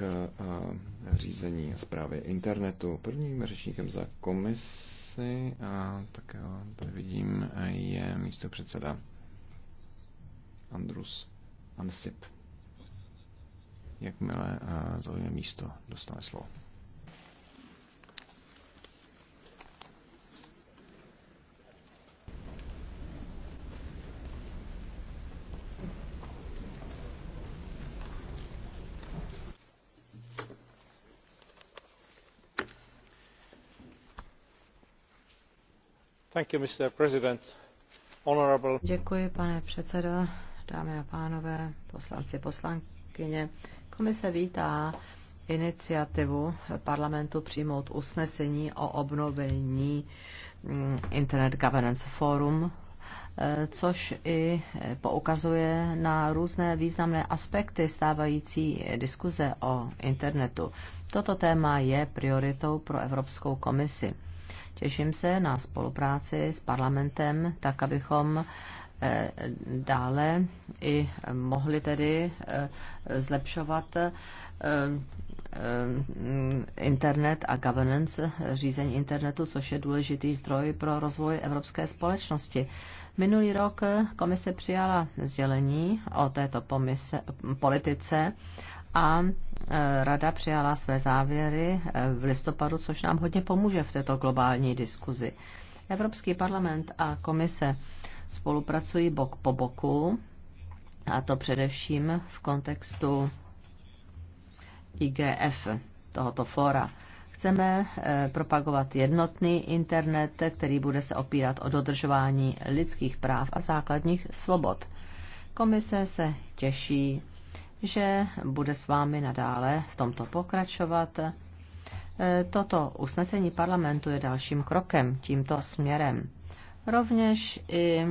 k eh, řízení a zprávě internetu. Prvním řečníkem za komisi, a také jo, tady vidím, je místo předseda Andrus Ansip. Jakmile eh, zaujme místo, dostane slovo. Děkuji, pane předsedo, dámy a pánové, poslanci, poslankyně. Komise vítá iniciativu parlamentu přijmout usnesení o obnovení mm, Internet Governance Forum, eh, což i poukazuje na různé významné aspekty stávající diskuze o internetu. Toto téma je prioritou pro Evropskou komisi. Těším se na spolupráci s parlamentem, tak abychom eh, dále i mohli tedy eh, zlepšovat eh, internet a governance, řízení internetu, což je důležitý zdroj pro rozvoj evropské společnosti. Minulý rok komise přijala sdělení o této pomise, politice a e, Rada přijala své závěry e, v listopadu, což nám hodně pomůže v této globální diskuzi. Evropský parlament a komise spolupracují bok po boku, a to především v kontextu IGF, tohoto fóra. Chceme e, propagovat jednotný internet, který bude se opírat o dodržování lidských práv a základních svobod. Komise se těší že bude s vámi nadále v tomto pokračovat. E, toto usnesení parlamentu je dalším krokem tímto směrem. Rovněž i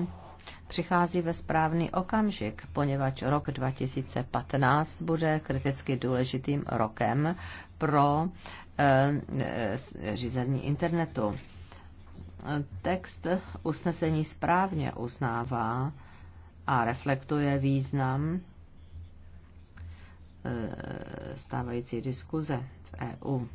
přichází ve správný okamžik, poněvadž rok 2015 bude kriticky důležitým rokem pro e, e, řízení internetu. Text usnesení správně uznává a reflektuje význam Eh, stávající diskuze v EU.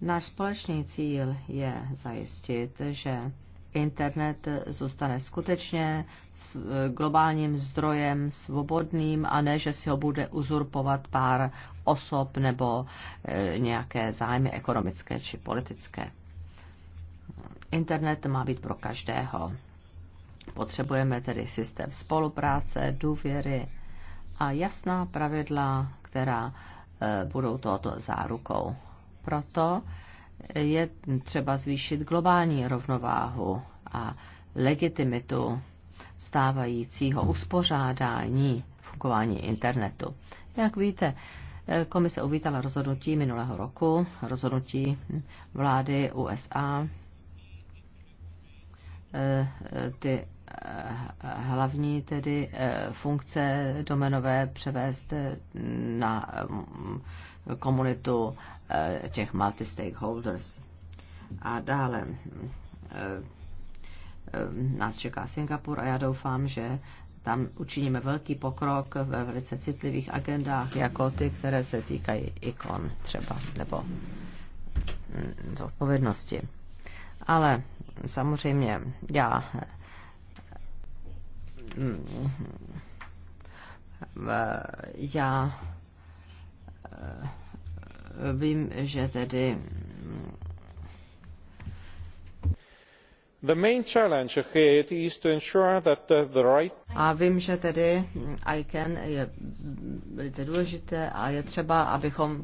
Náš společný cíl je zajistit, že internet zůstane skutečně s eh, globálním zdrojem svobodným a ne, že si ho bude uzurpovat pár osob nebo eh, nějaké zájmy ekonomické či politické. Internet má být pro každého. Potřebujeme tedy systém spolupráce, důvěry, a jasná pravidla, která eh, budou tohoto zárukou. Proto je třeba zvýšit globální rovnováhu a legitimitu stávajícího uspořádání fungování internetu. Jak víte, eh, komise uvítala rozhodnutí minulého roku, rozhodnutí vlády USA eh, ty hlavní tedy eh, funkce domenové převést eh, na mm, komunitu eh, těch multi-stakeholders. A dále nás čeká Singapur a já doufám, že tam učiníme velký pokrok ve velice citlivých agendách, jako ty, které se týkají ikon třeba, nebo mm, odpovědnosti. Ale samozřejmě já já eh, vím, že tedy The main challenge ahead is to ensure that the right a vím, že tedy ICANN je velice důležité a je třeba, abychom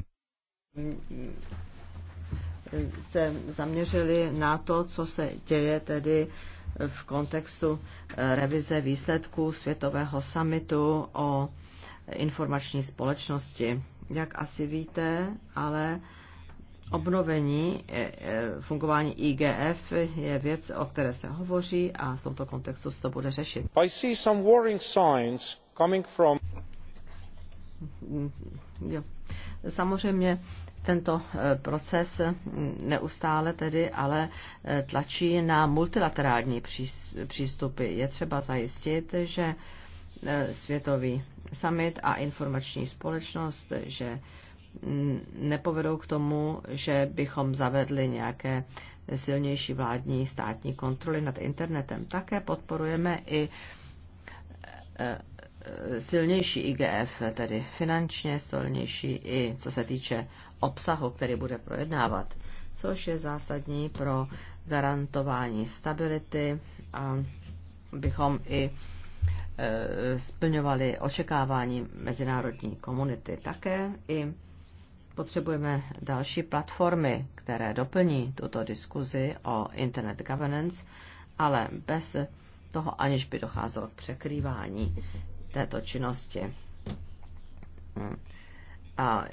se zaměřili na to, co se děje tedy v kontextu eh, revize výsledků Světového samitu o informační společnosti. Jak asi víte, ale obnovení eh, eh, fungování IGF je věc, o které se hovoří a v tomto kontextu se to bude řešit. I see some worrying signs coming from... Jo. Samozřejmě tento eh, proces mm, neustále tedy ale eh, tlačí na multilaterální přístupy. Je třeba zajistit, že eh, světový summit a informační společnost, že mm, nepovedou k tomu, že bychom zavedli nějaké silnější vládní státní kontroly nad internetem. Také podporujeme i silnější IGF, tedy finančně silnější i co se týče obsahu, který bude projednávat, což je zásadní pro garantování stability a bychom i e, splňovali očekávání mezinárodní komunity. Také i potřebujeme další platformy, které doplní tuto diskuzi o Internet governance, ale bez toho, aniž by docházelo k překrývání této činnosti. A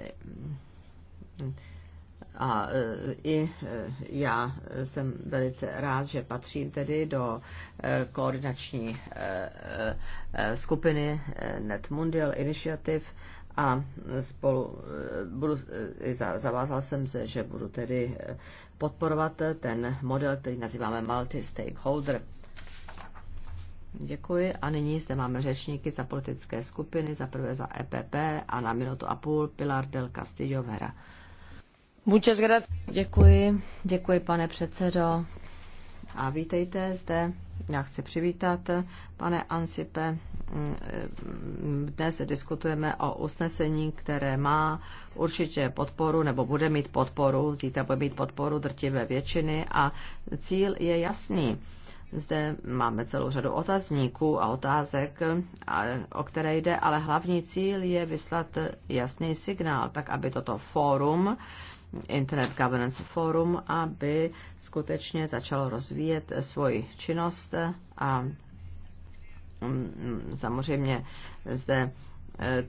a e, i e, já jsem velice rád, že patřím tedy do e, koordinační skupiny Net Mundial Initiative a spolu budu, zavázal jsem se, že budu tedy podporovat ten model, který nazýváme multi-stakeholder. Děkuji a nyní zde máme řečníky za politické skupiny, za prvé za EPP a na minutu a půl Pilar del Castillo Vera. Děkuji, děkuji pane předsedo. A vítejte zde. Já chci přivítat, pane Ansipe. Dnes diskutujeme o usnesení, které má určitě podporu, nebo bude mít podporu, zítra bude mít podporu drtivé většiny a cíl je jasný. Zde máme celou řadu otazníků a otázek, o které jde, ale hlavní cíl je vyslat jasný signál, tak aby toto fórum Internet Governance Forum, aby skutečně začalo rozvíjet svoji činnost a mm, samozřejmě zde e,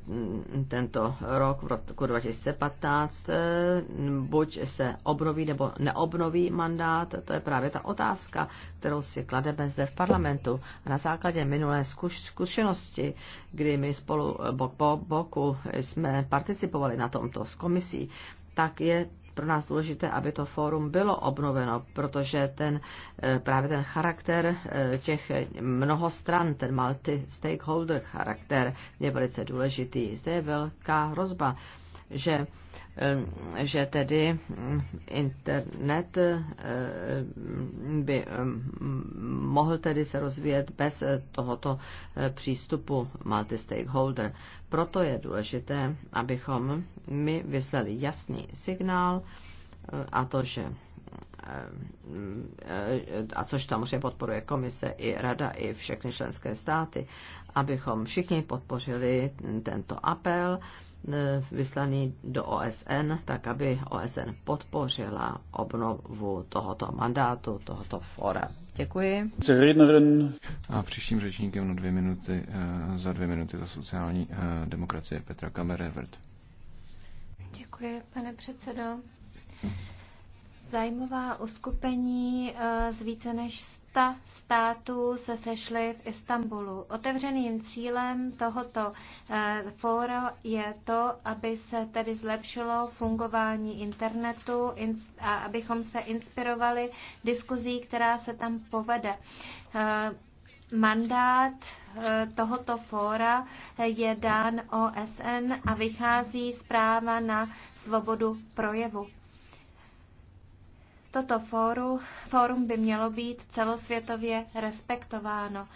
tento rok, v roku 2015, e, buď se obnoví nebo neobnoví mandát, to je právě ta otázka, kterou si klademe zde v parlamentu. A na základě minulé zkušenosti, kdy my spolu bok po boku jsme participovali na tomto s komisí, tak je pro nás důležité, aby to fórum bylo obnoveno, protože ten, eh, právě ten charakter eh, těch mnoho stran, ten multi-stakeholder charakter je velice důležitý. Zde je velká hrozba že eh, že tedy mm, internet eh, by mm, mohl tedy se rozvíjet bez eh, tohoto přístupu multi-stakeholder. Proto je důležité, abychom my vyslali jasný signál a to, že a což samozřejmě podporuje komise i rada, i všechny členské státy, abychom všichni podpořili tento apel, Eh, vyslaný do OSN, tak aby OSN podpořila obnovu tohoto mandátu, tohoto fora. Děkuji. A příštím řečníkem na dvě minuty, eh, za dvě minuty za sociální eh, demokracie Petra Kamerevert. Děkuji, pane předsedo. Zajímavá uskupení eh, z více než 100 států se sešly v Istanbulu. Otevřeným cílem tohoto eh, fóra je to, aby se tedy zlepšilo fungování internetu a abychom se inspirovali diskuzí, která se tam povede. Eh, mandát tohoto fóra je dán OSN a vychází zpráva na svobodu projevu. Toto fóru, fórum by mělo být celosvětově respektováno.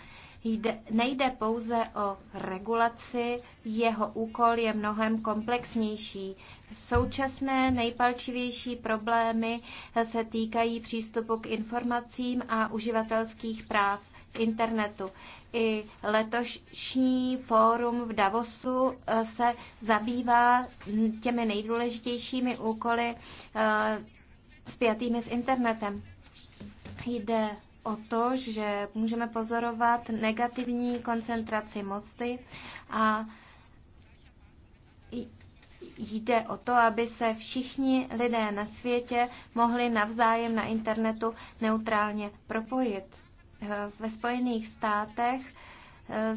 Jde, nejde pouze o regulaci, jeho úkol je mnohem komplexnější. Současné nejpalčivější problémy se týkají přístupu k informacím a uživatelských práv internetu. I letošní fórum v Davosu eh, se zabývá těmi nejdůležitějšími úkoly eh, spjatými s internetem. Jde o to, že můžeme pozorovat negativní koncentraci moci a jde o to, aby se všichni lidé na světě mohli navzájem na internetu neutrálně propojit. Ve Spojených státech eh,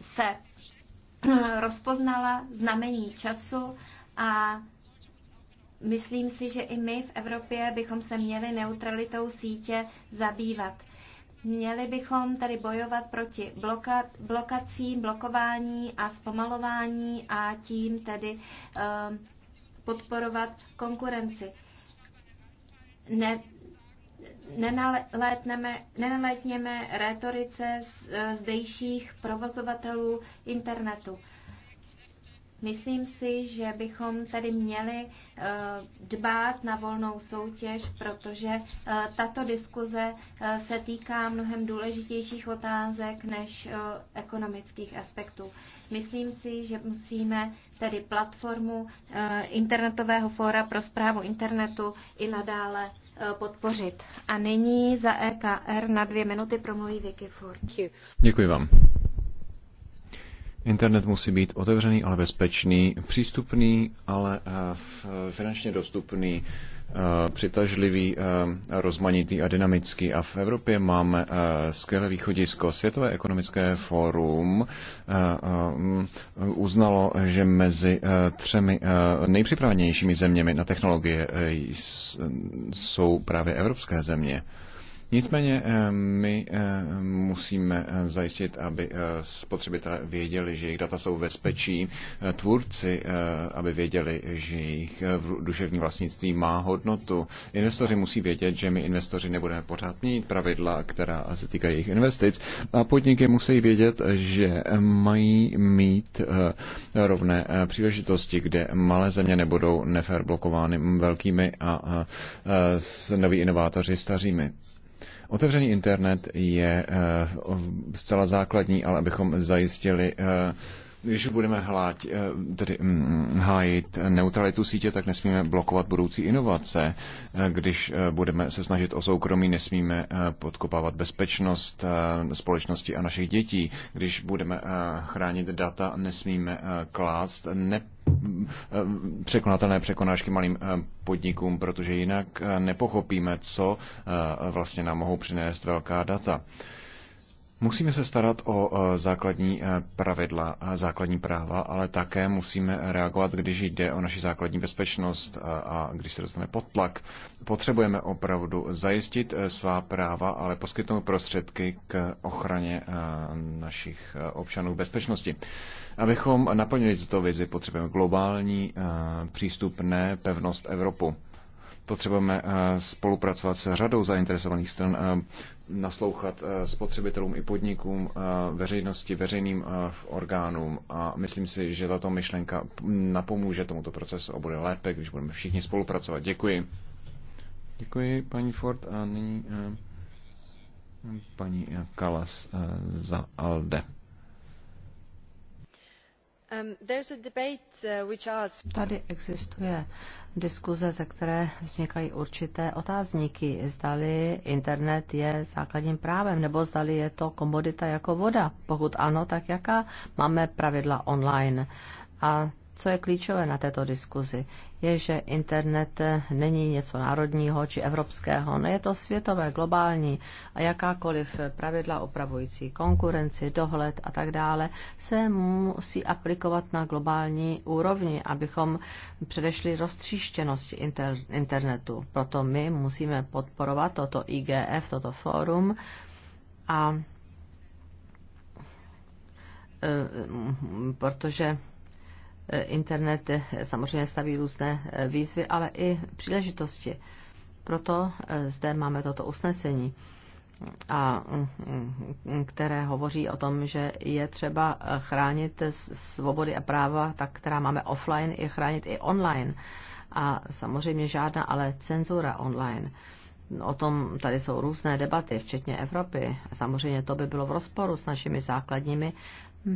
se rozpoznala znamení času a myslím si, že i my v Evropě bychom se měli neutralitou sítě zabývat. Měli bychom tedy bojovat proti blokacím, blokování a zpomalování a tím tedy eh, podporovat konkurenci. Ne, nenalétněme retorice eh, zdejších provozovatelů internetu. Myslím si, že bychom tady měli eh, dbát na volnou soutěž, protože eh, tato diskuze eh, se týká mnohem důležitějších otázek než ekonomických aspektů. Myslím si, že musíme tedy platformu internetového fóra pro zprávu internetu i nadále podpořit. A nyní za EKR na dvě minuty promluví Vicky Ford. Děkuji vám. Internet musí být otevřený, ale bezpečný, přístupný, ale eh, finančně dostupný, eh, přitažlivý, eh, rozmanitý a dynamický. A v Evropě máme skvělé východisko. Světové ekonomické fórum uznalo, že mezi třemi nejpřipravenějšími zeměmi na technologie jsou právě evropské země. Nicméně eh, my eh, musíme eh, zajistit, aby spotřebitelé věděli, že jejich data jsou v bezpečí, tvůrci, aby věděli, že jejich duševní vlastnictví má hodnotu. Investoři musí vědět, že my investoři nebudeme pořád měnit pravidla, která se týkají jejich investic a podniky musí vědět, že mají mít rovné příležitosti, kde malé země nebudou nefér blokovány velkými a noví inovátoři starými. Otevřený internet je eh, zcela základní, ale abychom zajistili eh, když budeme hláť, eh, tedy, mm, mm, hájit neutralitu sítě, tak nesmíme blokovat budoucí inovace. Eh, když eh, budeme se snažit o soukromí, nesmíme podkopávat bezpečnost společnosti a našich dětí. Když budeme chránit data, nesmíme klást ne překonatelné překonášky malým podnikům, protože jinak nepochopíme, co vlastně nám mohou přinést velká data. Musíme se starat o e, základní e, pravidla, základní práva, ale také musíme reagovat, když jde o naši základní bezpečnost e, a když se dostane pod tlak. Potřebujeme opravdu zajistit svá práva, ale poskytnout prostředky k ochraně našich občanů bezpečnosti. Abychom naplnili tuto vizi, potřebujeme globální přístup, ne pevnost Evropu. Potřebujeme eh, spolupracovat s řadou zainteresovaných stran, eh, naslouchat eh, spotřebitelům i podnikům, veřejnosti, veřejným orgánům a myslím si, že tato myšlenka napomůže tomuto procesu a bude lépe, když budeme všichni spolupracovat. Děkuji. Děkuji, paní Ford. A nyní paní Kalas za ALDE. Um, uh, Tady existuje diskuze, ze které vznikají určité otázníky. Zdali internet je základním právem, nebo zdali je to komodita jako voda. Pokud ano, tak jaká máme pravidla online? A co je klíčové na této diskuzi, je, že internet není něco národního či evropského, no je to světové, globální a jakákoliv pravidla opravující konkurenci, dohled a tak dále se musí aplikovat na globální úrovni, abychom předešli roztříštěnosti inter- internetu. Proto my musíme podporovat toto IGF, toto fórum a e, protože internet samozřejmě staví různé výzvy, ale i příležitosti. Proto eh, zde máme toto usnesení, a, mm, mm, které hovoří o tom, že je třeba chránit svobody a práva, tak, která máme offline, je chránit i online. A samozřejmě žádná ale cenzura online. O tom tady jsou různé debaty, včetně Evropy. Samozřejmě to by bylo v rozporu s našimi základními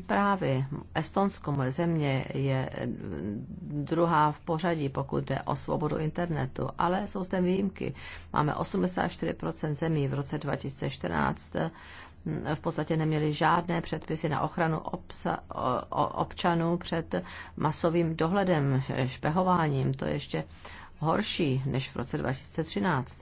Právě Estonsko, moje země, je druhá v pořadí, pokud jde o svobodu internetu, ale jsou zde výjimky. Máme 84% zemí v roce 2014, mm, v podstatě neměli žádné předpisy na ochranu obsa, občanů před masovým dohledem, špehováním. To je ještě horší než v roce 2013.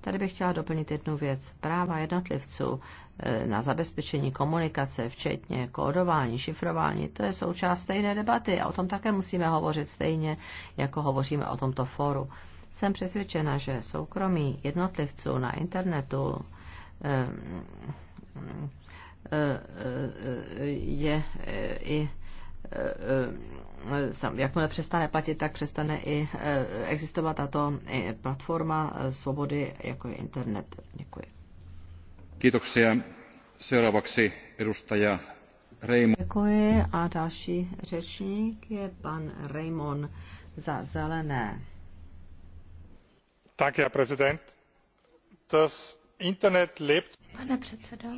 Tady bych chtěla doplnit jednu věc. Práva jednotlivců eh, na zabezpečení komunikace, včetně kódování, šifrování, to je součást stejné debaty a o tom také musíme hovořit stejně, jako hovoříme o tomto foru. Jsem přesvědčena, že soukromí jednotlivců na internetu eh, eh, je i Eh, eh, jakmile přestane platit, tak přestane i eh, existovat tato platforma svobody, jako je internet. Děkuji. Kiitoksia. Seuraavaksi edustaja Reimo. Děkuji a další řečník je pan Raymond za zelené. Tak, já prezident. Das Internet lebt. Pane předsedo,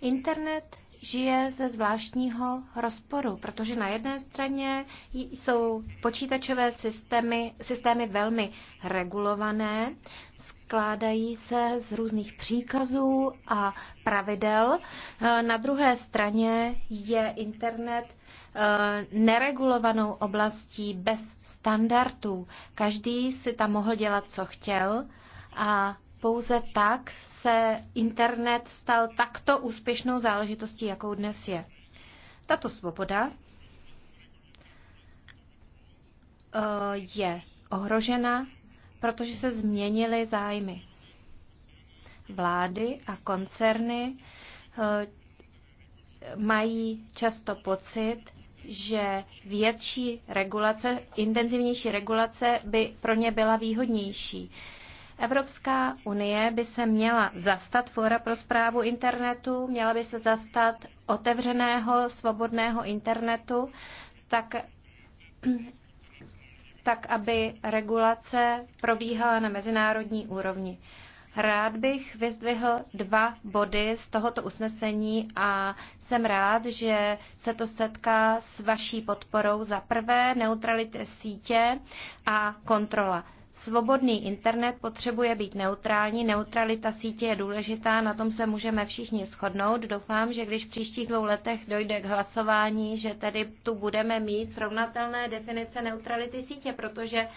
internet žije ze zvláštního rozporu, protože na jedné straně jsou počítačové systémy, systémy velmi regulované, skládají se z různých příkazů a pravidel. Eh, na druhé straně je internet eh, neregulovanou oblastí bez standardů. Každý si tam mohl dělat, co chtěl a pouze tak se internet stal takto úspěšnou záležitostí, jakou dnes je. Tato svoboda eh, je ohrožena, protože se změnily zájmy. Vlády a koncerny eh, mají často pocit, že větší regulace, intenzivnější regulace by pro ně byla výhodnější. Evropská unie by se měla zastat fora pro zprávu internetu, měla by se zastat otevřeného, svobodného internetu, tak, tak aby regulace probíhala na mezinárodní úrovni. Rád bych vyzdvihl dva body z tohoto usnesení a jsem rád, že se to setká s vaší podporou. Za prvé neutralita sítě a kontrola. Svobodný internet potřebuje být neutrální, neutralita sítě je důležitá, na tom se můžeme všichni shodnout. Doufám, že když v příštích dvou letech dojde k hlasování, že tedy tu budeme mít srovnatelné definice neutrality sítě, protože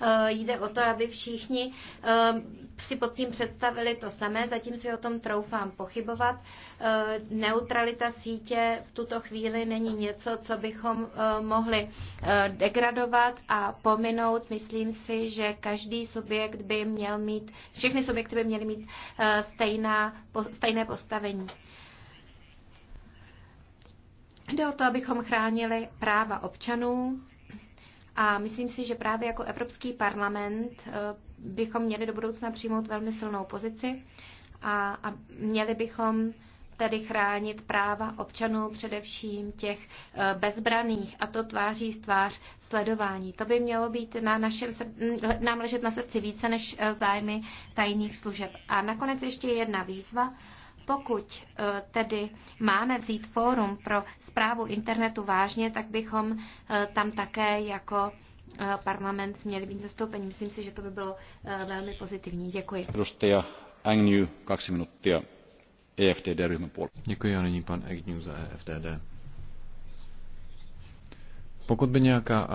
Eh, jde o to, aby všichni eh, si pod tím představili to samé, zatím si o tom troufám pochybovat. Eh, neutralita sítě v tuto chvíli není něco, co bychom mohli degradovat a pominout. Myslím si, že každý subjekt by měl mít, všechny subjekty by měly mít stejná, stejné postavení. Jde o to, abychom chránili práva občanů, a myslím si, že právě jako Evropský parlament eh, bychom měli do budoucna přijmout velmi silnou pozici a, a měli bychom tedy chránit práva občanů, především těch eh, bezbraných, a to tváří v tvář sledování. To by mělo být na našem, nám ležet na srdci více než eh, zájmy tajných služeb. A nakonec ještě jedna výzva. Pokud eh, tedy máme vzít fórum pro zprávu internetu vážně, tak bychom eh, tam také jako eh, parlament měli být zastoupení. Myslím si, že to by bylo velmi pozitivní. Děkuji. Edustaja Agnew, kaksi minuuttia eftd Děkuji a nyní pan Agnew za EFTD. Pokud by nějaká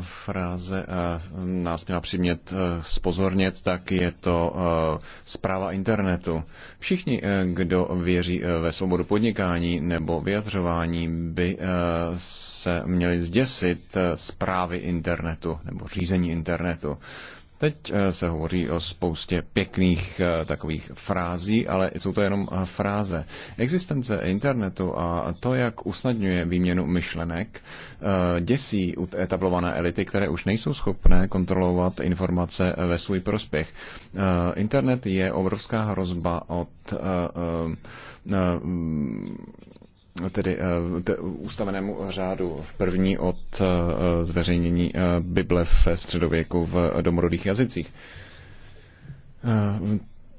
fráze nás měla přimět e, spozornět, tak je to e, zpráva internetu. Všichni, e, kdo věří ve svobodu podnikání nebo vyjadřování, by se měli zděsit zprávy internetu nebo řízení internetu. Teď eh, se hovoří o spoustě pěkných eh, takových frází, ale jsou to jenom eh, fráze. Existence internetu a to, jak usnadňuje výměnu myšlenek, děsí etablované elity, které už nejsou schopné kontrolovat informace ve svůj prospěch. Internet je obrovská hrozba od tedy eh, t, ústavenému řádu první od eh, zveřejnění eh, Bible ve středověku v domorodých jazycích.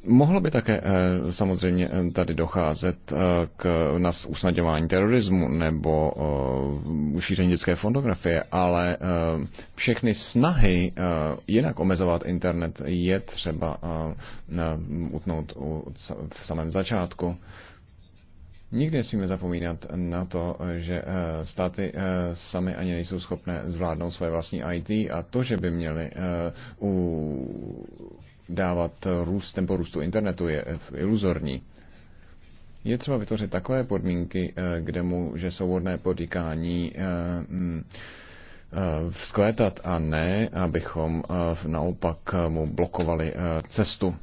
Mohlo by také samozřejmě tady docházet k nás usnadňování terorismu nebo šíření dětské fotografie, ale všechny snahy jinak omezovat internet je třeba utnout v samém začátku. Nikdy nesmíme zapomínat na to, že eh, státy eh, sami ani nejsou schopné zvládnout svoje vlastní IT a to, že by měli eh, u dávat růst, tempo růstu internetu je iluzorní. Je třeba vytvořit takové podmínky, kde může svobodné podnikání mm, vzkvétat a ne, abychom naopak mu blokovali cestu.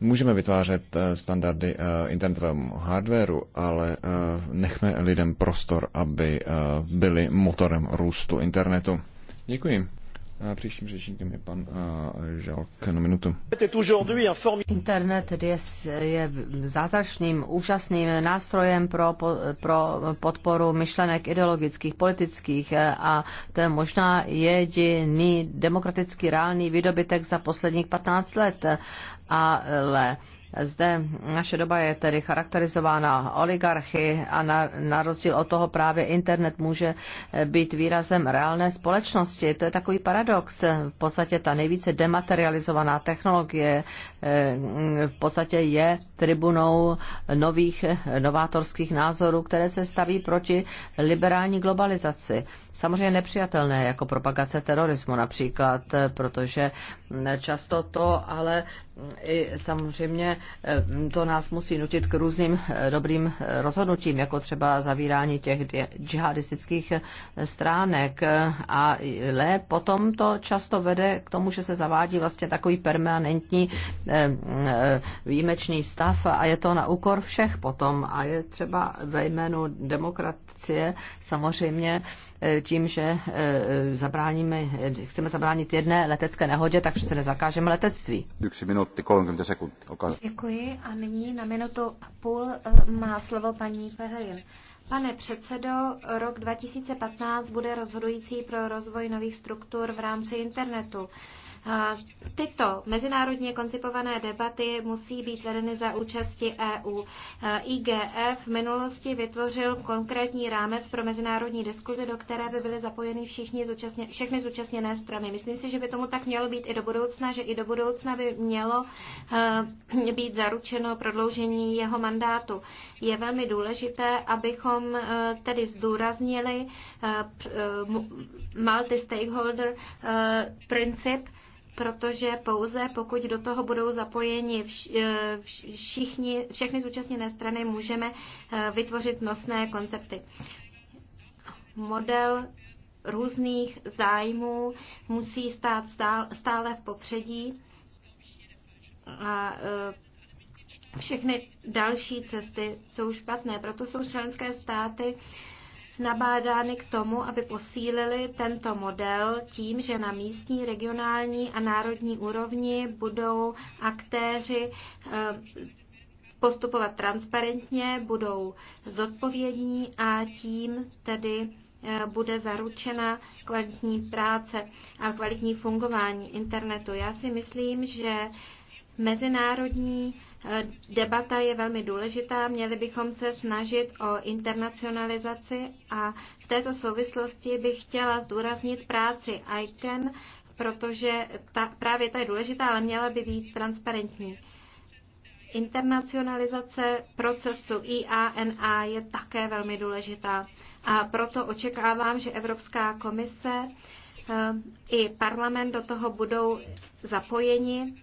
Můžeme vytvářet eh, standardy eh, internetovému hardwareu, ale eh, nechme lidem prostor, aby byli motorem růstu internetu. Děkuji. A příštím řečníkem je pan Žalk na minutu. Internet je, je zázračným, úžasným nástrojem pro, pro podporu myšlenek ideologických, politických a to je možná jediný demokraticky reálný výdobytek za posledních 15 let ale zde naše doba je tedy charakterizována oligarchy a na, na rozdíl od toho právě internet může eh, být výrazem reálné společnosti. To je takový paradox. V podstatě ta nejvíce dematerializovaná technologie eh, v podstatě je tribunou nových eh, novátorských názorů, které se staví proti liberální globalizaci. Samozřejmě nepřijatelné jako propagace terorismu například, protože hm, často to ale hm, i samozřejmě Eh, to nás musí nutit k různým eh, dobrým eh, rozhodnutím, jako třeba zavírání těch džihadistických stránek. A le potom to často vede k tomu, že se zavádí vlastně takový permanentní výjimečný stav a je to na úkor všech potom. A je třeba ve jménu demokracie samozřejmě Eh, tím, že eh, zabráníme, chceme zabránit jedné letecké nehodě, tak přece nezakážeme letectví. Děkuji a nyní na minutu a půl eh, má slovo paní Perelin. Pane předsedo, rok 2015 bude rozhodující pro rozvoj nových struktur v rámci internetu. Tyto mezinárodně koncipované debaty musí být vedeny za účasti EU. IGF v minulosti vytvořil konkrétní rámec pro mezinárodní diskuzi, do které by byly zapojeny všichni zúčastně, všechny zúčastněné strany. Myslím si, že by tomu tak mělo být i do budoucna, že i do budoucna by mělo eh, být zaručeno prodloužení jeho mandátu. Je velmi důležité, abychom eh, tedy zdůraznili eh, multi-stakeholder princip, protože pouze pokud do toho budou zapojeni eh, všichni, všechny zúčastněné strany, můžeme eh, vytvořit nosné koncepty. Model různých zájmů musí stát stále v popředí a eh, všechny další cesty jsou špatné. Proto jsou členské státy nabádány k tomu, aby posílili tento model tím, že na místní, regionální a národní úrovni budou aktéři eh, postupovat transparentně, budou zodpovědní a tím tedy eh, bude zaručena kvalitní práce a kvalitní fungování internetu. Já si myslím, že mezinárodní Debata je velmi důležitá, měli bychom se snažit o internacionalizaci a v této souvislosti bych chtěla zdůraznit práci ICANN, protože ta, právě ta je důležitá, ale měla by být transparentní. Internacionalizace procesu IANA je také velmi důležitá a proto očekávám, že Evropská komise eh, i parlament do toho budou zapojeni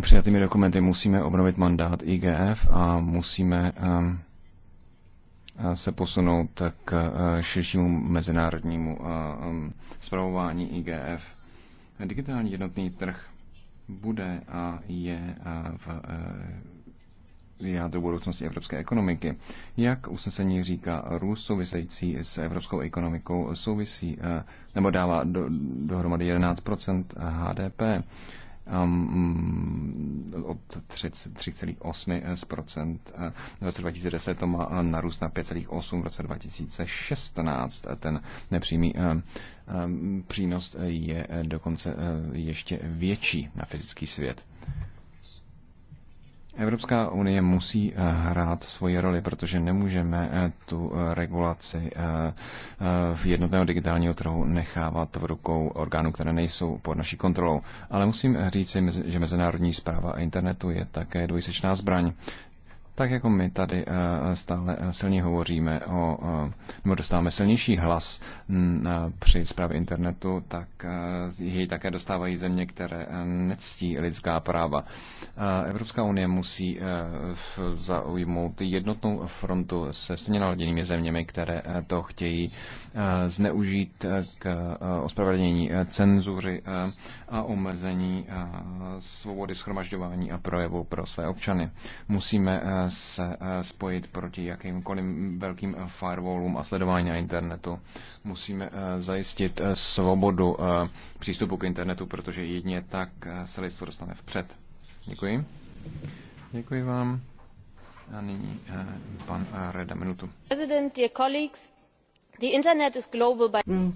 přijatými dokumenty musíme obnovit mandát IGF a musíme ehm, eh, se posunout k eh, širšímu mezinárodnímu eh, ehm, zpravování IGF. Digitální jednotný trh bude a je v jádru budoucnosti evropské ekonomiky. Jak usnesení říká, růst související s evropskou ekonomikou souvisí, nebo dává do, dohromady 11 HDP. Um, mm, od 3,8 eh, eh, v roce 2010 to má eh, narůst na 5,8 v roce 2016. Ten nepřímý přínos je dokonce ještě větší na fyzický svět. Evropská unie musí eh, hrát svoji roli, protože nemůžeme eh, tu eh, regulaci v jednotného digitálního trhu nechávat v rukou orgánů, které nejsou pod naší kontrolou. Ale musím říct, že mezinárodní zpráva internetu je také dvojsečná zbraň tak jako my tady eh, stále eh, silně hovoříme o, eh, nebo dostáváme silnější hlas při zprávě internetu, tak jej také dostávají země, které nectí lidská práva. Evropská unie musí zaujmout jednotnou frontu se stejně naladěnými zeměmi, které to chtějí zneužít k ospravedlnění cenzury a omezení svobody schromažďování a projevu pro své občany. Musíme se eh, spojit proti jakýmkoliv velkým eh, firewallům a sledování na internetu. Musíme eh, zajistit svobodu přístupu k internetu, protože jedině tak se lidstvo dostane vpřed. Děkuji. Děkuji vám. A nyní pan Reda minutu. President, dear colleagues, the internet is global by... Mm,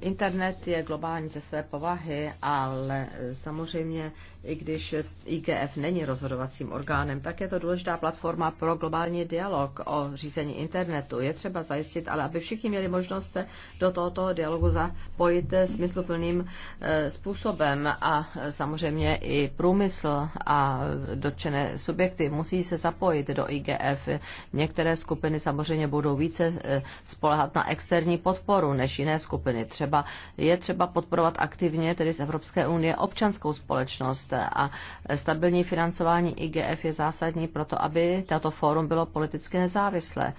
Internet je globální ze své povahy, ale samozřejmě, i když IGF není rozhodovacím orgánem, tak je to důležitá platforma pro globální dialog o řízení internetu. Je třeba zajistit, ale aby všichni měli možnost se do tohoto dialogu zapojit smysluplným eh, způsobem a eh, samozřejmě i průmysl a dotčené subjekty musí se zapojit do IGF. Některé skupiny samozřejmě budou více eh, spolehat na externí podporu než jiné skupiny třeba, je třeba podporovat aktivně, tedy z Evropské unie, občanskou společnost a stabilní financování IGF je zásadní proto, aby tato fórum bylo politicky nezávislé.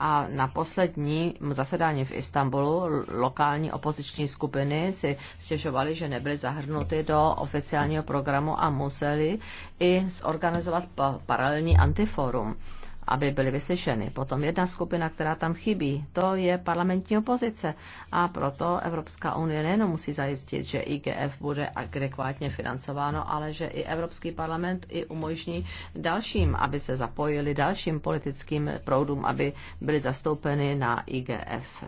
A na poslední zasedání v Istanbulu lokální opoziční skupiny si stěžovaly, že nebyly zahrnuty do oficiálního programu a museli i zorganizovat paralelní antiforum aby byly vyslyšeny. Potom jedna skupina, která tam chybí, to je parlamentní opozice. A proto Evropská unie nejenom musí zajistit, že IGF bude adekvátně financováno, ale že i Evropský parlament i umožní dalším, aby se zapojili dalším politickým proudům, aby byly zastoupeny na IGF.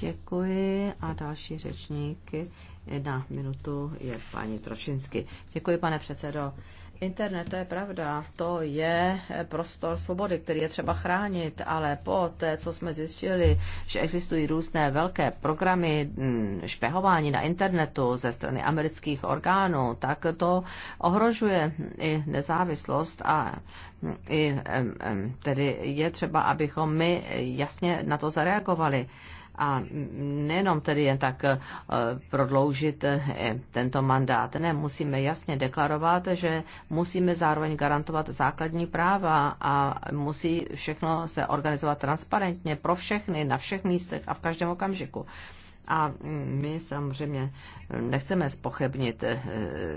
Děkuji a další řečníky jedna minutu je paní Trošinsky. Děkuji, pane předsedo. Internet, to je pravda, to je prostor svobody, který je třeba chránit, ale po té, co jsme zjistili, že existují různé velké programy mm, špehování na internetu ze strany amerických orgánů, tak to ohrožuje i nezávislost a i, tedy je třeba, abychom my jasně na to zareagovali a nejenom tedy jen tak eh, prodloužit eh, tento mandát. Ne, musíme jasně deklarovat, že musíme zároveň garantovat základní práva a musí všechno se organizovat transparentně pro všechny, na všech místech a v každém okamžiku. A my samozřejmě nechceme spochybnit eh,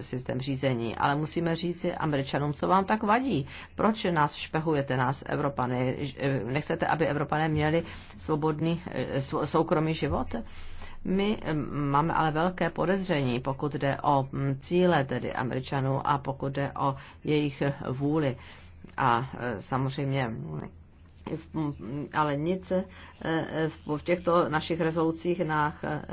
systém řízení, ale musíme říci američanům, co vám tak vadí. Proč nás špehujete, nás Evropany? Eh, nechcete, aby Evropané měli svobodný eh, soukromý život? My máme ale velké podezření, pokud jde o hm, cíle tedy Američanů a pokud jde o jejich vůli. A samozřejmě ale nic eh, eh, v těchto našich rezolucích eh,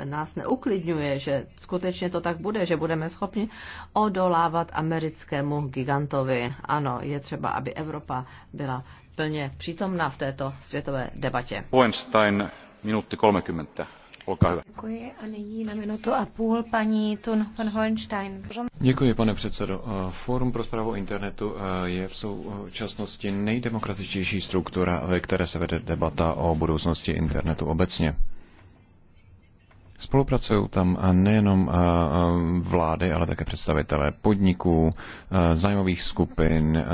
nás neuklidňuje, že skutečně to tak bude, že budeme schopni odolávat americkému gigantovi. Ano, je třeba, aby Evropa byla plně přítomná v této světové debatě. Hohenstein, minuty 30. Olkaa Děkuji a nyní na minutu a půl paní Tun von Děkuji, pane předsedo. Eh, Fórum pro zprávu internetu eh, je v současnosti nejdemokratičtější struktura, ve které se vede debata o budoucnosti internetu obecně. Spolupracují tam eh, nejenom vlády, ale také představitelé podniků, zájmových skupin,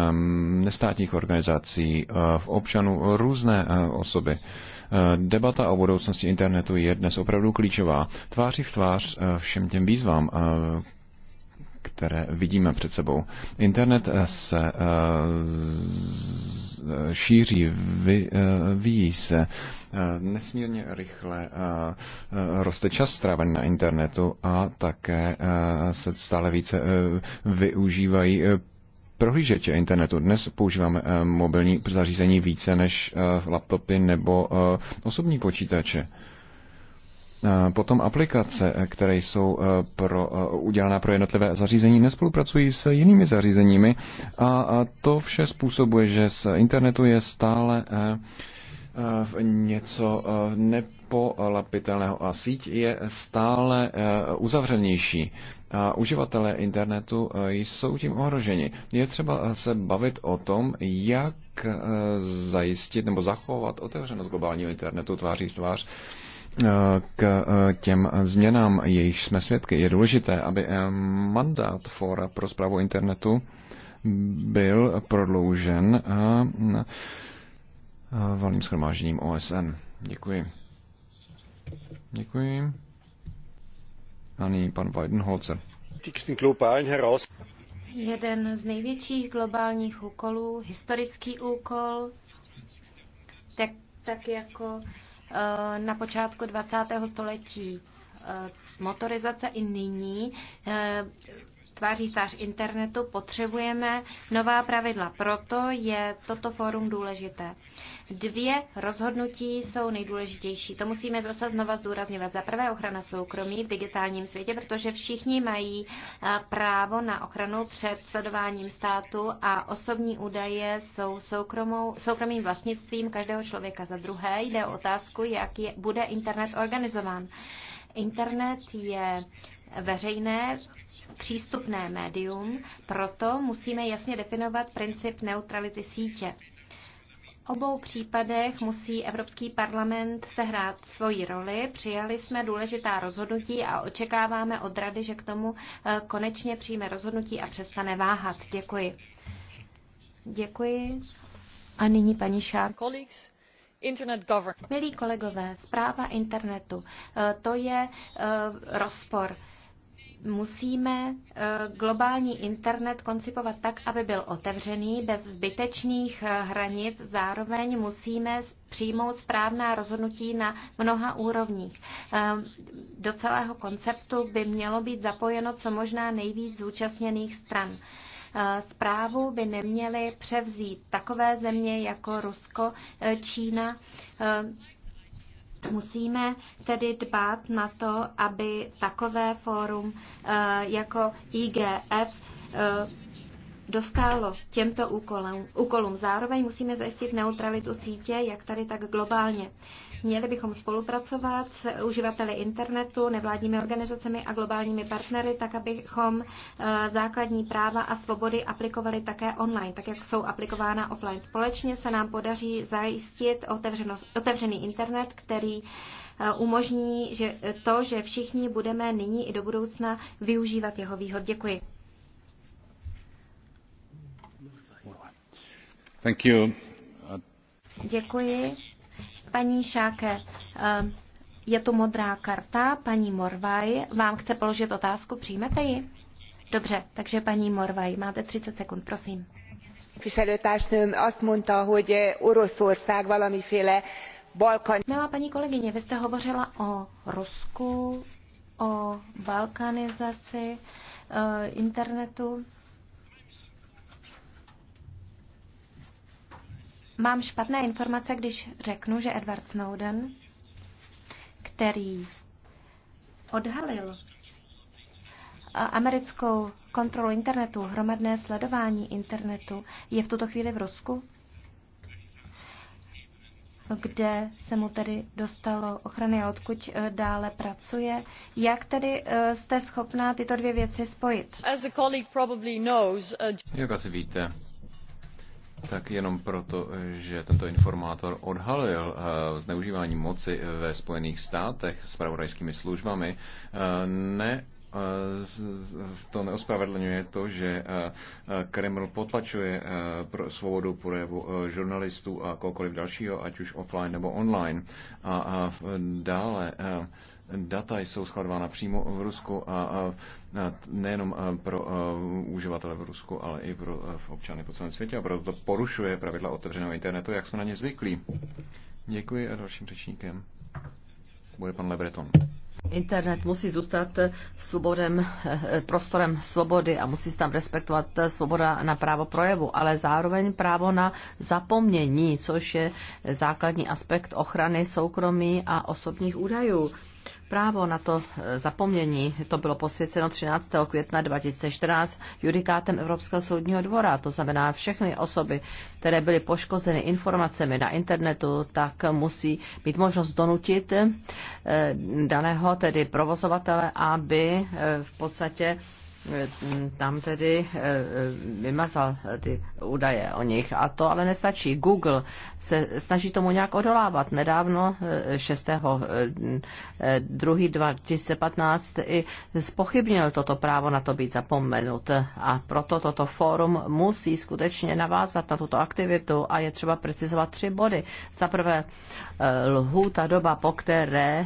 nestátních organizací, občanů, různé osoby. Eh, debata o budoucnosti internetu je dnes opravdu klíčová. Tváří v tvář eh, všem těm výzvám, eh, které vidíme před sebou. Internet se šíří, vyvíjí se nesmírně rychle roste čas strávený na internetu a také se stále více využívají prohlížeče internetu. Dnes používáme eh, mobilní zařízení více než eh, laptopy nebo eh, osobní počítače. Potom aplikace, které jsou pro, udělaná pro jednotlivé zařízení, nespolupracují s jinými zařízeními a to vše způsobuje, že z internetu je stále něco ne, nepolapitelného a síť je stále eh, uzavřenější. A uživatelé internetu eh, jsou tím ohroženi. Je třeba se bavit o tom, jak eh, zajistit nebo zachovat otevřenost globálního internetu tváří v tvář k těm změnám, jejich jsme svědky. Je důležité, aby mandát fora pro zprávu internetu byl prodloužen valným schromážením OSN. Děkuji. Děkuji. A nyní pan Weidenholzer. Jeden z největších globálních úkolů, historický úkol, tak, tak jako eh, na počátku 20. století eh, motorizace i nyní eh, tváří stář internetu potřebujeme nová pravidla. Proto je toto fórum důležité. Dvě rozhodnutí jsou nejdůležitější. To musíme zase znova zdůrazňovat. Za prvé ochrana soukromí v digitálním světě, protože všichni mají eh, právo na ochranu před sledováním státu a osobní údaje jsou soukromou, soukromým vlastnictvím každého člověka. Za druhé jde o otázku, jak je, bude internet organizován. Internet je veřejné přístupné médium, proto musíme jasně definovat princip neutrality sítě obou případech musí Evropský parlament sehrát svoji roli. Přijali jsme důležitá rozhodnutí a očekáváme od Rady, že k tomu eh, konečně přijme rozhodnutí a přestane váhat. Děkuji. Děkuji. A nyní paní Šár. Milí kolegové, zpráva internetu, eh, to je eh, rozpor musíme eh, globální internet koncipovat tak, aby byl otevřený, bez zbytečných eh, hranic. Zároveň musíme přijmout správná rozhodnutí na mnoha úrovních. Eh, do celého konceptu by mělo být zapojeno co možná nejvíc zúčastněných stran. Zprávu by neměly převzít takové země jako Rusko, Čína, Musíme tedy dbát na to, aby takové fórum eh, jako IGF eh, doskálo těmto úkolům. Zároveň musíme zajistit neutralitu sítě, jak tady, tak globálně. Měli bychom spolupracovat s uživateli internetu, nevládními organizacemi a globálními partnery, tak abychom eh, základní práva a svobody aplikovali také online, tak jak jsou aplikována offline. Společně se nám podaří zajistit otevřený internet, který eh, umožní že to, že všichni budeme nyní i do budoucna využívat jeho výhod. Děkuji. Thank you. Děkuji. Paní Šáke, eh, je tu modrá karta, paní Morvaj vám chce položit otázku, přijmete ji? Dobře, takže paní Morvaj, máte 30 sekund, prosím. Képviselőtársnőm azt mondta, hogy Oroszország valamiféle Balkan... Milá paní kolegyně, vy jste hovořila o Rusku, o balkanizaci eh, internetu. mám špatné informace, když řeknu, že Edward Snowden, který odhalil americkou kontrolu internetu, hromadné sledování internetu, je v tuto chvíli v Rusku, kde se mu tedy dostalo ochrany a odkud e, dále pracuje. Jak tedy e, jste schopná tyto dvě věci spojit? Uh, Jak asi víte, tak jenom proto, že tento informátor odhalil eh, zneužívání moci ve Spojených státech s pravodajskými službami, eh, ne Eh, to neospravedlňuje to, že eh, eh, Kreml potlačuje svobodu projevu žurnalistů a kohokoliv dalšího, ať už offline nebo online. A dále data jsou skladována přímo v Rusku a nejenom pro uživatele v Rusku, ale i pro občany po celém světě a proto to porušuje pravidla otevřeného internetu, jak jsme na ně zvyklí. Děkuji a dalším řečníkem bude pan Lebreton. Internet musí zůstat svobodem, eh, prostorem svobody a musí se tam respektovat svoboda na právo projevu, ale zároveň právo na zapomnění, což je základní aspekt ochrany soukromí a osobních údajů. Právo na to e, zapomnění, to bylo posvěceno 13. května 2014 judikátem Evropského soudního dvora. To znamená, všechny osoby, které byly poškozeny informacemi na internetu, tak musí mít možnost donutit e, daného, tedy provozovatele, aby e, v podstatě tam tedy eh, eh, vymazal ty údaje o nich. A to ale nestačí. Google se snaží tomu nějak odolávat. Nedávno 6. 2. 2015 i spochybnil toto právo na to být zapomenut. A proto toto fórum musí skutečně navázat na tuto aktivitu a je třeba precizovat tři body. Za prvé eh, ta doba, po které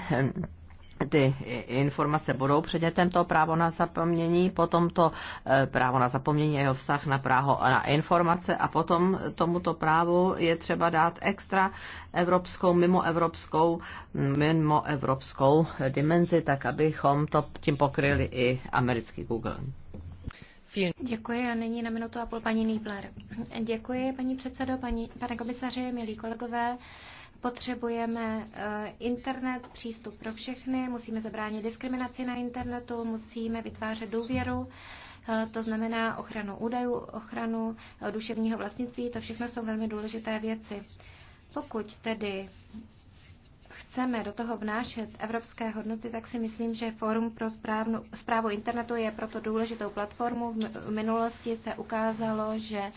ty informace budou předmětem toho právo na zapomnění, potom to eh, právo na zapomnění jeho vztah na právo na informace a potom tomuto právu je třeba dát extra evropskou, mimo evropskou, mimo evropskou dimenzi, tak abychom to tím pokryli i americký Google. Děkuji a nyní na minutu a půl paní Nýbler. Děkuji, paní předsedo, paní, pane komisaři, milí kolegové. Potřebujeme eh, internet, přístup pro všechny, musíme zabránit diskriminaci na internetu, musíme vytvářet důvěru eh, to znamená ochranu údajů, ochranu eh, duševního vlastnictví, to všechno jsou velmi důležité věci. Pokud tedy chceme do toho vnášet evropské hodnoty, tak si myslím, že Fórum pro zprávu správu internetu je proto důležitou platformu. V minulosti se ukázalo, že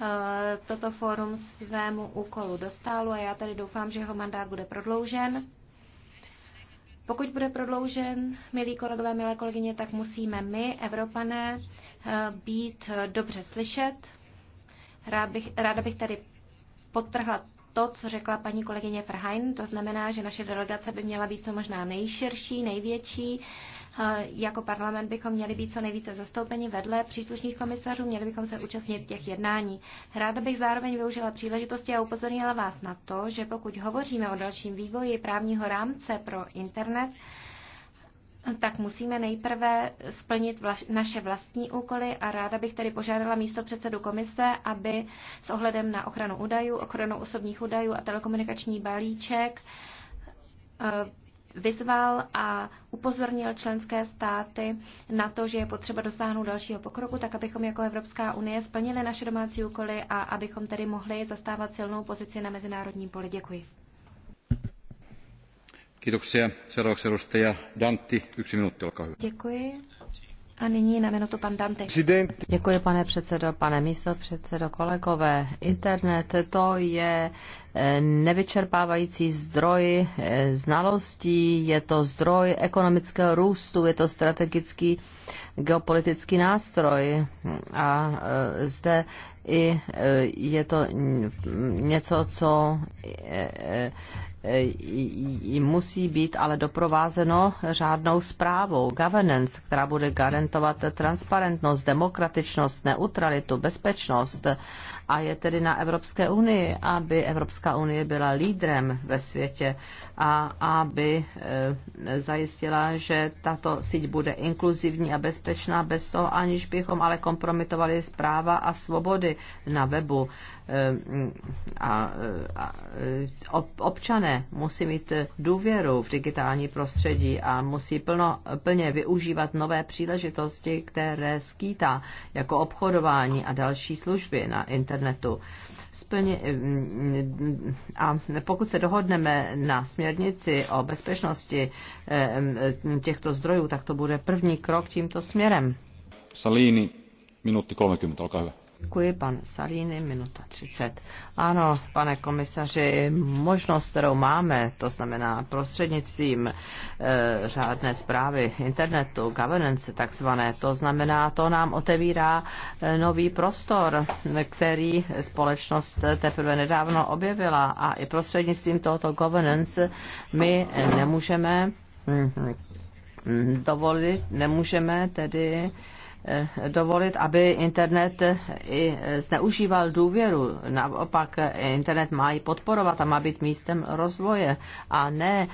Eh, toto fórum svému úkolu dostalo a já tady doufám, že jeho mandát bude prodloužen. Pokud bude prodloužen, milí kolegové, milé kolegyně, tak musíme my, Evropané, eh, být dobře slyšet. Rád bych, ráda bych tady potrhla to, co řekla paní kolegyně Frhajn, to znamená, že naše delegace by měla být co možná nejširší, největší. Jako parlament bychom měli být co nejvíce zastoupeni vedle příslušných komisařů, měli bychom se účastnit těch jednání. Ráda bych zároveň využila příležitosti a upozornila vás na to, že pokud hovoříme o dalším vývoji právního rámce pro internet, tak musíme nejprve splnit vlaš- naše vlastní úkoly a ráda bych tedy požádala místo předsedu komise, aby s ohledem na ochranu údajů, ochranu osobních údajů a telekomunikační balíček eh, vyzval a upozornil členské státy na to, že je potřeba dosáhnout dalšího pokroku, tak abychom jako Evropská unie splnili naše domácí úkoly a abychom tedy mohli zastávat silnou pozici na mezinárodním poli. Děkuji. Kiitoksia. Seuraavaksi edustaja Dantti, yksi minuutti, olkaa hyvä. Děkuji. A nyní na minutu pan Dante. Děkuji, pane předsedo, pane místo předsedo, kolegové. Internet to je eh, nevyčerpávající zdroj eh, znalostí, je to zdroj ekonomického růstu, je to strategický geopolitický nástroj a eh, zde i je to něco, co E, musí být ale doprovázeno řádnou zprávou, governance, která bude garantovat transparentnost, demokratičnost, neutralitu, bezpečnost a je tedy na Evropské unii, aby Evropská unie byla lídrem ve světě a aby eh, zajistila, že tato síť bude inkluzivní a bezpečná bez toho, aniž bychom ale kompromitovali zpráva a svobody na webu. Eh, a, eh, a, občané musí mít důvěru v digitální prostředí a musí plno, plně využívat nové příležitosti, které skýtá jako obchodování a další služby na internetu internetu. Splně, eh, a pokud se dohodneme na směrnici o bezpečnosti eh, těchto zdrojů, tak to bude první krok tímto směrem. Salini, minuty 30, olkaa hyvä. Děkuji, pan Salíny, minuta 30. Ano, pane komisaři, možnost, kterou máme, to znamená prostřednictvím e, řádné zprávy internetu, governance takzvané, to znamená, to nám otevírá e, nový prostor, který společnost teprve nedávno objevila a i prostřednictvím tohoto governance my nemůžeme mm, mm, dovolit, nemůžeme tedy Eh, dovolit, aby internet eh, i eh, zneužíval důvěru. Naopak internet má i podporovat a má být místem rozvoje a ne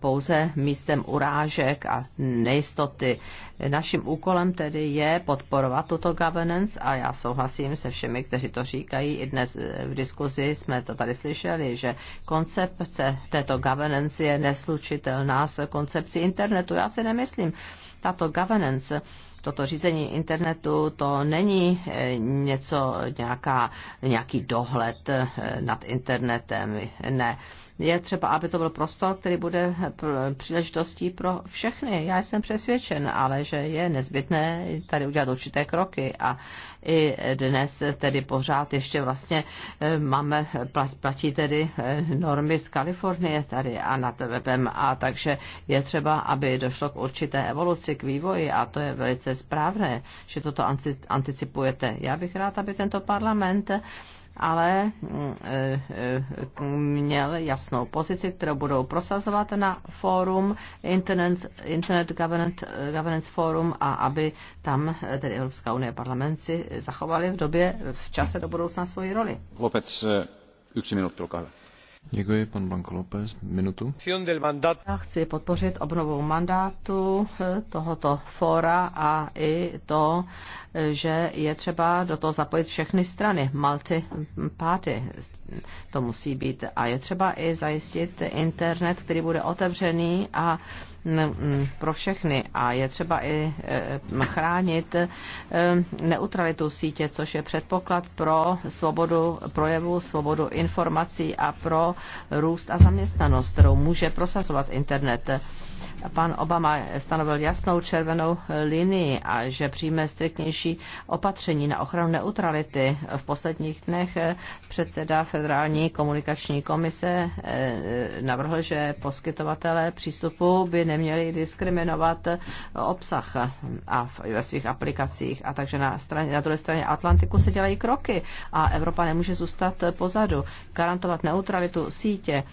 pouze místem urážek a nejistoty. Naším úkolem tedy je podporovat tuto governance a já souhlasím se všemi, kteří to říkají. I dnes v diskuzi jsme to tady slyšeli, že koncepce této governance je neslučitelná s koncepcí internetu. Já si nemyslím. Tato governance toto řízení internetu, to není eh, něco, nějaká, nějaký dohled eh, nad internetem, ne je třeba, aby to byl prostor, který bude příležitostí pro všechny. Já jsem přesvědčen, ale že je nezbytné tady udělat určité kroky a i dnes tedy pořád ještě vlastně eh, máme, platí tedy eh, normy z Kalifornie tady a nad webem a takže je třeba, aby došlo k určité evoluci, k vývoji a to je velice správné, že toto anticipujete. Já bych rád, aby tento parlament ale mm, eh, eh, měl jasnou pozici, kterou budou prosazovat na fórum Internet, Internet Governance, eh, Governance Forum a aby tam tedy Evropská unie parlament si zachovali v době, v čase do budoucna svoji roli. Lopec, yksi minut, olkaa hyvä Děkuji, pan Blanco López. Minutu. Já chci podpořit obnovu mandátu eh, tohoto fóra a i to, eh, že je třeba do toho zapojit všechny strany. Multi party to musí být. A je třeba i zajistit internet, který bude otevřený a Mm, pro všechny a je třeba i eh, chránit eh, neutralitu sítě, což je předpoklad pro svobodu projevu, svobodu informací a pro růst a zaměstnanost, kterou může prosazovat internet. Pan Obama stanovil jasnou červenou linii a že přijme striktnější opatření na ochranu neutrality. V posledních dnech eh, předseda Federální komunikační komise navrhl, že poskytovatelé přístupu by ne neměli diskriminovat obsah a ve svých aplikacích. A takže na, straně, na druhé straně Atlantiku se dělají kroky a Evropa nemůže zůstat pozadu. Garantovat neutralitu sítě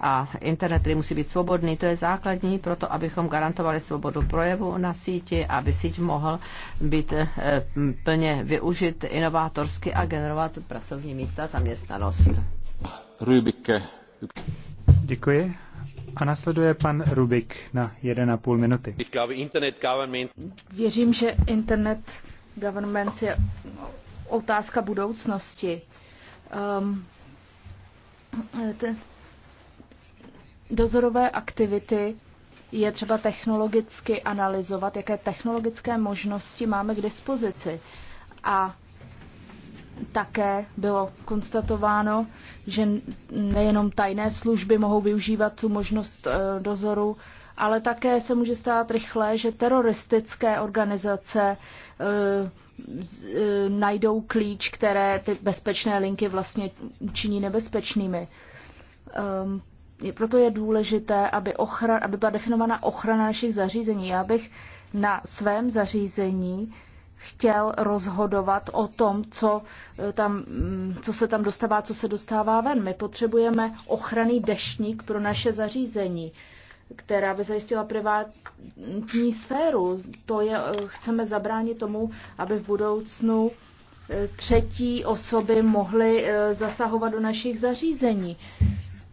a internet který musí být svobodný, to je základní pro to, abychom garantovali svobodu projevu na síti, aby síť mohl být eh, plně využit inovátorsky a generovat pracovní místa zaměstnanost. Rubike. Děkuji. A nasleduje pan Rubik na 1,5 minuty. Věřím, že internet government je otázka budoucnosti. Um, dozorové aktivity je třeba technologicky analyzovat, jaké technologické možnosti máme k dispozici. A také bylo konstatováno, že nejenom tajné služby mohou využívat tu možnost eh, dozoru, ale také se může stát rychle, že teroristické organizace eh, eh, najdou klíč, které ty bezpečné linky vlastně učiní nebezpečnými. Ehm, proto je důležité, aby, ochra, aby byla definována ochrana našich zařízení. Já bych na svém zařízení chtěl rozhodovat o tom, co, eh, tam, mm, co se tam dostává, co se dostává ven. My potřebujeme ochranný deštník pro naše zařízení která by zajistila privátní sféru. To je, eh, chceme zabránit tomu, aby v budoucnu eh, třetí osoby mohly zasahovat do našich zařízení.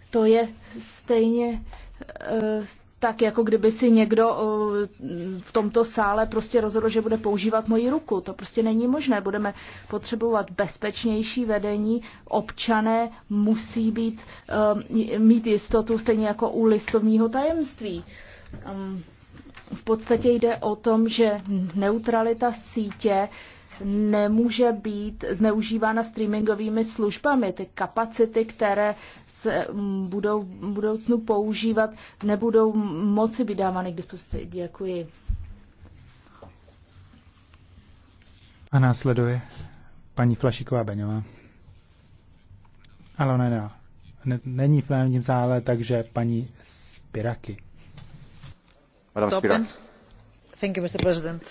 To je stejně tak jako kdyby si někdo eh, v tomto sále prostě rozhodl, že bude používat moji ruku. To prostě není možné. Budeme potřebovat bezpečnější vedení. Občané musí být, eh, mít jistotu stejně jako u listovního tajemství. V podstatě jde o tom, že neutralita sítě nemůže být zneužívána streamingovými službami. Ty kapacity, které se mm, budou v budoucnu používat, nebudou moci být dávány k dispozici. Děkuji. A následuje paní Flašiková Beňová. Ale ne, ne, není v plénním zále, takže paní Spiraky. Madame Spirak. Thank you, Mr. President.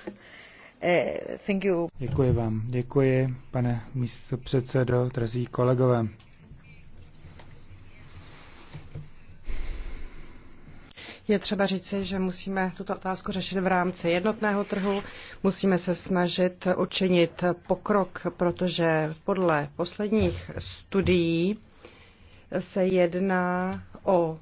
Eh, thank you. Děkuji vám. Děkuji, pane místopředsedo, drazí kolegové. Je třeba říci, že musíme tuto otázku řešit v rámci jednotného trhu, musíme se snažit učinit pokrok, protože podle posledních studií se jedná o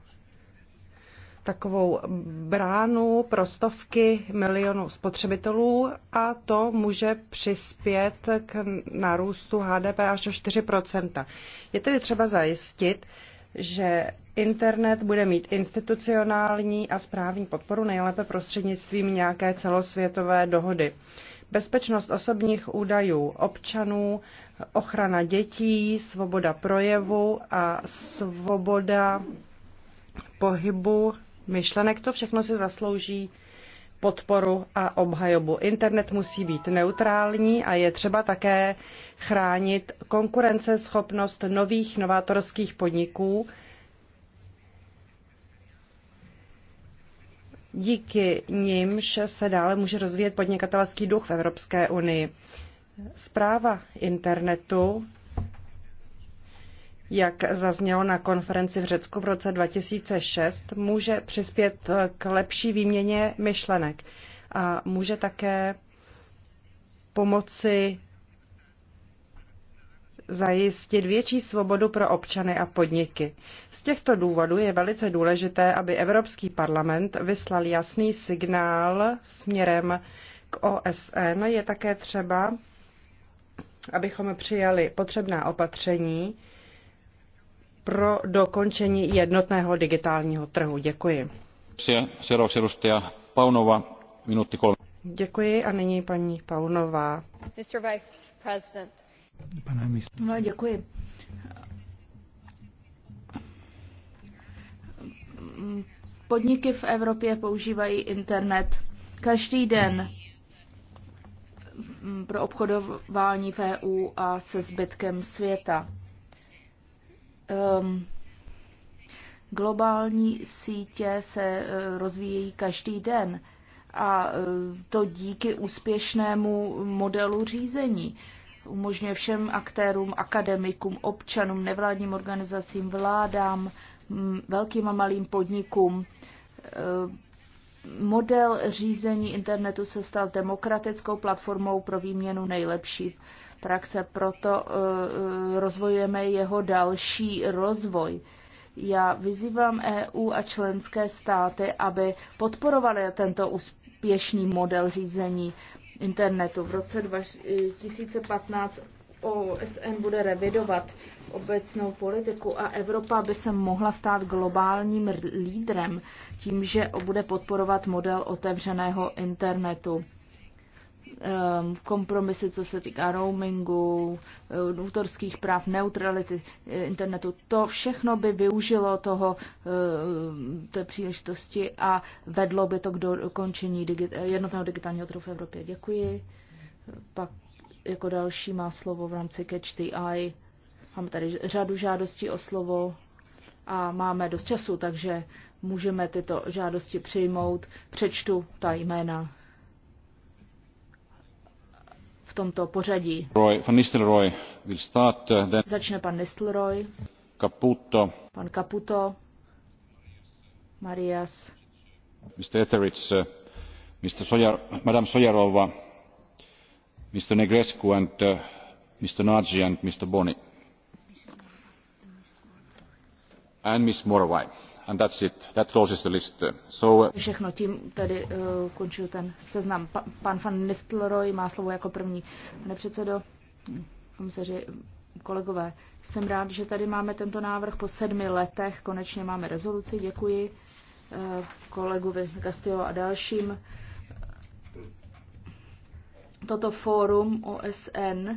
takovou bránu pro stovky milionů spotřebitelů a to může přispět k nárůstu HDP až o 4 Je tedy třeba zajistit, že internet bude mít institucionální a správní podporu nejlépe prostřednictvím nějaké celosvětové dohody. Bezpečnost osobních údajů občanů, ochrana dětí, svoboda projevu a svoboda pohybu myšlenek, to všechno si zaslouží podporu a obhajobu. Internet musí být neutrální a je třeba také chránit konkurenceschopnost nových novátorských podniků. Díky nimž se dále může rozvíjet podnikatelský duch v Evropské unii. Zpráva internetu jak zaznělo na konferenci v Řecku v roce 2006, může přispět k lepší výměně myšlenek a může také pomoci zajistit větší svobodu pro občany a podniky. Z těchto důvodů je velice důležité, aby Evropský parlament vyslal jasný signál směrem k OSN. Je také třeba, abychom přijali potřebná opatření, pro dokončení jednotného digitálního trhu. Děkuji. Děkuji a nyní paní Paunová. Pane No, děkuji. Podniky v Evropě používají internet každý den pro obchodování v EU a se zbytkem světa. Um, globální sítě se eh, rozvíjejí každý den a eh, to díky úspěšnému modelu řízení. Umožňuje všem aktérům, akademikům, občanům, nevládním organizacím, vládám, velkým a malým podnikům. Ehm, model řízení internetu se stal demokratickou platformou pro výměnu nejlepších praxe, proto eh, eh, rozvojujeme jeho další rozvoj. Já vyzývám EU a členské státy, aby podporovali tento úspěšný model řízení internetu. V roce 2015 eh, OSN bude revidovat obecnou politiku a Evropa by se mohla stát globálním lídrem tím, že bude podporovat model otevřeného internetu um, kompromisy, co se týká roamingu, um, autorských práv, neutrality eh, internetu. To všechno by využilo toho, eh, té příležitosti a vedlo by to k dokončení digit- eh, jednotného digitálního trhu v Evropě. Děkuji. Pak jako další má slovo v rámci Catch the Eye. Máme tady řadu žádostí o slovo a máme dost času, takže můžeme tyto žádosti přijmout. Přečtu ta jména tomto pořadí. Roy, Nistelrooy start, uh, then... Začne pan Nistelrooy. Caputo. Pan Caputo. Marias. Mr. Etheridge, uh, Mr. Sojar, Madame Sojarova, Mr. Negrescu and uh, Mr. Nagy and Mr. Boni. And Ms. Morvai. And that's it. That closes the list. So, uh, Všechno, tím tedy uh, končil ten seznam. Pa, pan van Nistelrooy má slovo jako první. Pane předsedo, komisaři, kolegové, jsem rád, že tady máme tento návrh po sedmi letech. Konečně máme rezoluci. Děkuji uh, kolegovi Castillo a dalším. Toto fórum OSN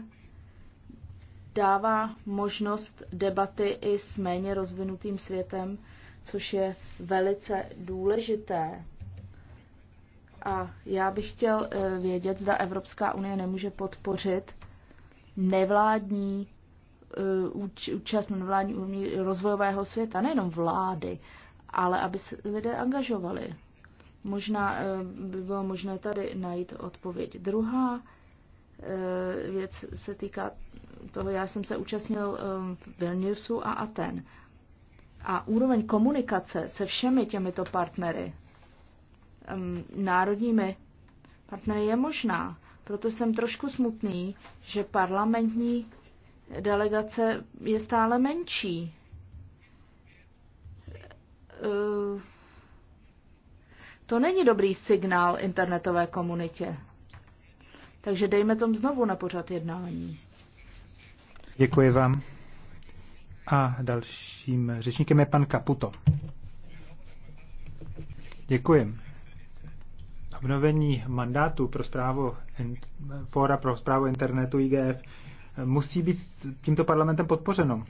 dává možnost debaty i s méně rozvinutým světem což je velice důležité. A já bych chtěl eh, vědět, zda Evropská unie nemůže podpořit nevládní eh, účast na nevládní úrovni rozvojového světa, nejenom vlády, ale aby se lidé angažovali. Možná eh, by bylo možné tady najít odpověď. Druhá věc se týká toho, já jsem se účastnil v Vilniusu a Aten a úroveň komunikace se všemi těmito partnery, národními partnery, je možná. Proto jsem trošku smutný, že parlamentní delegace je stále menší. E, to není dobrý signál internetové komunitě. Takže dejme tomu znovu na pořad jednání. Děkuji vám. A dalším řečníkem je pan Kaputo. Děkuji. Obnovení mandátu pro zprávu, fóra pro zprávu internetu IGF musí být tímto parlamentem podpořeno.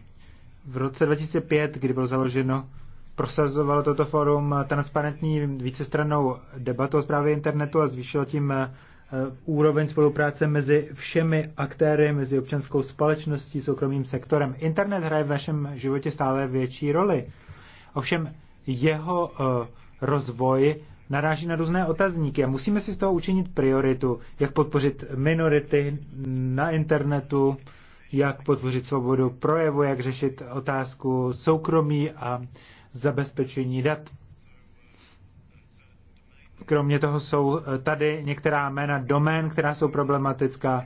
V roce 2005, kdy bylo založeno, prosazovalo toto fórum transparentní vícestrannou debatu o zprávě internetu a zvýšilo tím Eh, úroveň spolupráce mezi všemi aktéry, mezi občanskou společností, soukromým sektorem. Internet hraje v našem životě stále větší roli. Ovšem jeho eh, rozvoj naráží na různé otazníky a musíme si z toho učinit prioritu, jak podpořit minority na internetu, jak podpořit svobodu projevu, jak řešit otázku soukromí a zabezpečení dat. Kromě toho jsou eh, tady některá jména domén, která jsou problematická.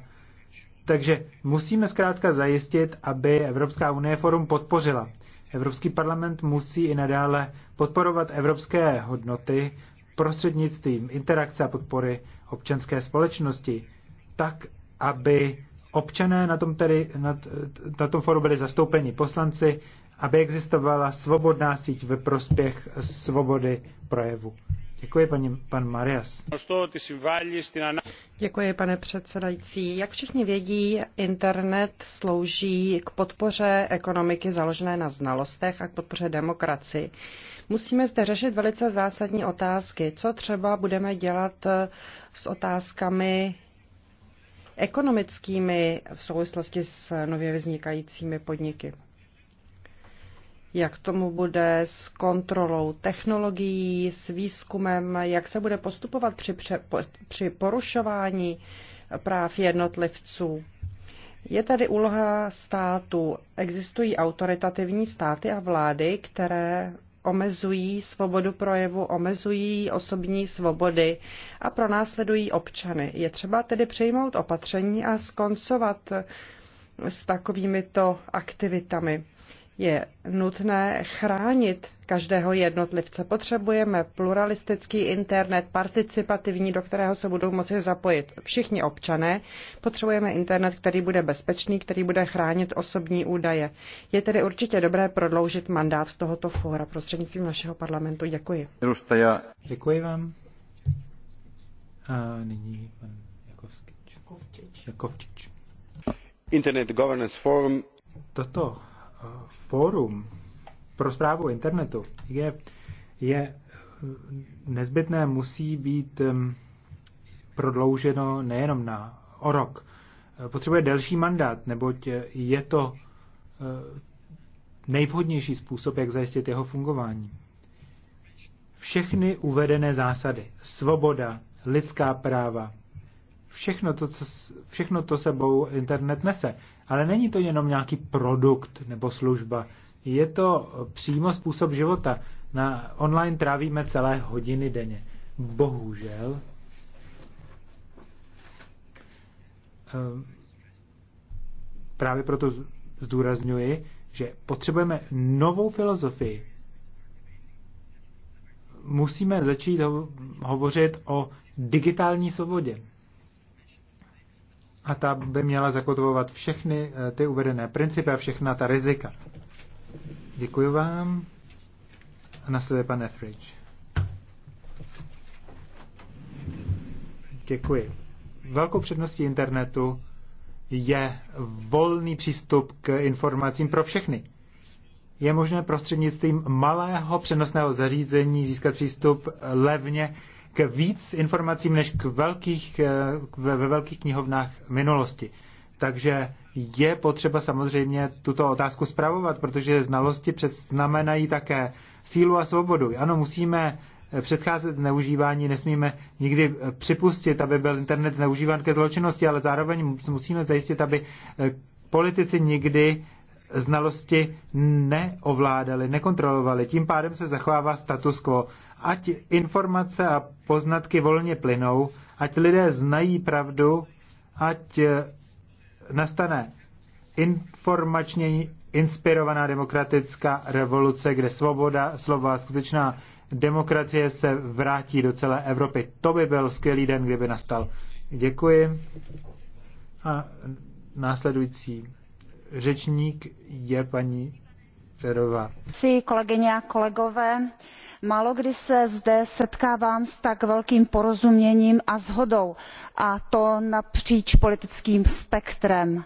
Takže musíme zkrátka zajistit, aby Evropská unie forum podpořila. Evropský parlament musí i nadále podporovat evropské hodnoty prostřednictvím interakce a podpory občanské společnosti, tak, aby občané na tom, tedy, na, na tom foru byli zastoupeni poslanci, aby existovala svobodná síť ve prospěch svobody projevu. Děkuji, paní, pan Marias. Děkuji, pane předsedající. Jak všichni vědí, internet slouží k podpoře ekonomiky založené na znalostech a k podpoře demokracii. Musíme zde řešit velice zásadní otázky. Co třeba budeme dělat eh, s otázkami ekonomickými v souvislosti s nově vznikajícími podniky? jak tomu bude s kontrolou technologií, s výzkumem, jak se bude postupovat při, pře, při porušování práv jednotlivců. Je tady úloha státu. Existují autoritativní státy a vlády, které omezují svobodu projevu, omezují osobní svobody a pronásledují občany. Je třeba tedy přejmout opatření a skoncovat s takovýmito aktivitami je nutné chránit každého jednotlivce. Potřebujeme pluralistický internet, participativní, do kterého se budou moci zapojit všichni občané. Potřebujeme internet, který bude bezpečný, který bude chránit osobní údaje. Je tedy určitě dobré prodloužit mandát tohoto fóra prostřednictvím našeho parlamentu. Děkuji. Děkuji vám. A nyní pan Jakovčič. Jakovčič. Internet Governance Forum. Toto fórum pro zprávu internetu je, je nezbytné, musí být prodlouženo nejenom na o rok. Potřebuje delší mandát, neboť je to e, nejvhodnější způsob, jak zajistit jeho fungování. Všechny uvedené zásady, svoboda, lidská práva, všechno to, co, všechno to sebou internet nese. Ale není to jenom nějaký produkt nebo služba. Je to přímo způsob života. Na online trávíme celé hodiny denně. Bohužel. Ehm, právě proto zdůrazňuji, že potřebujeme novou filozofii. Musíme začít ho- hovořit o digitální svobodě a ta by měla zakotvovat všechny eh, ty uvedené principy a všechna ta rizika. Děkuji vám. A nasleduje pan Etheridge. Děkuji. Velkou předností internetu je volný přístup k informacím pro všechny. Je možné prostřednictvím malého přenosného zařízení získat přístup levně k víc informacím než k velkých, eh, ve, ve velkých knihovnách minulosti. Takže je potřeba samozřejmě tuto otázku zpravovat, protože znalosti předznamenají také sílu a svobodu. Ano, musíme eh, předcházet zneužívání, nesmíme nikdy eh, připustit, aby byl internet zneužíván ke zločinnosti, ale zároveň musíme zajistit, aby politici nikdy znalosti neovládali, nekontrolovali. Tím pádem se zachovává status quo. Ať informace a poznatky volně plynou, ať lidé znají pravdu, ať eh, nastane informačně inspirovaná demokratická revoluce, kde svoboda slova a skutečná demokracie se vrátí do celé Evropy. To by byl skvělý den, kdyby nastal. Děkuji. A následující řečník je paní Ferová. Kolegyně a kolegové, málo kdy se zde setkávám s tak velkým porozuměním a shodou a to napříč politickým spektrem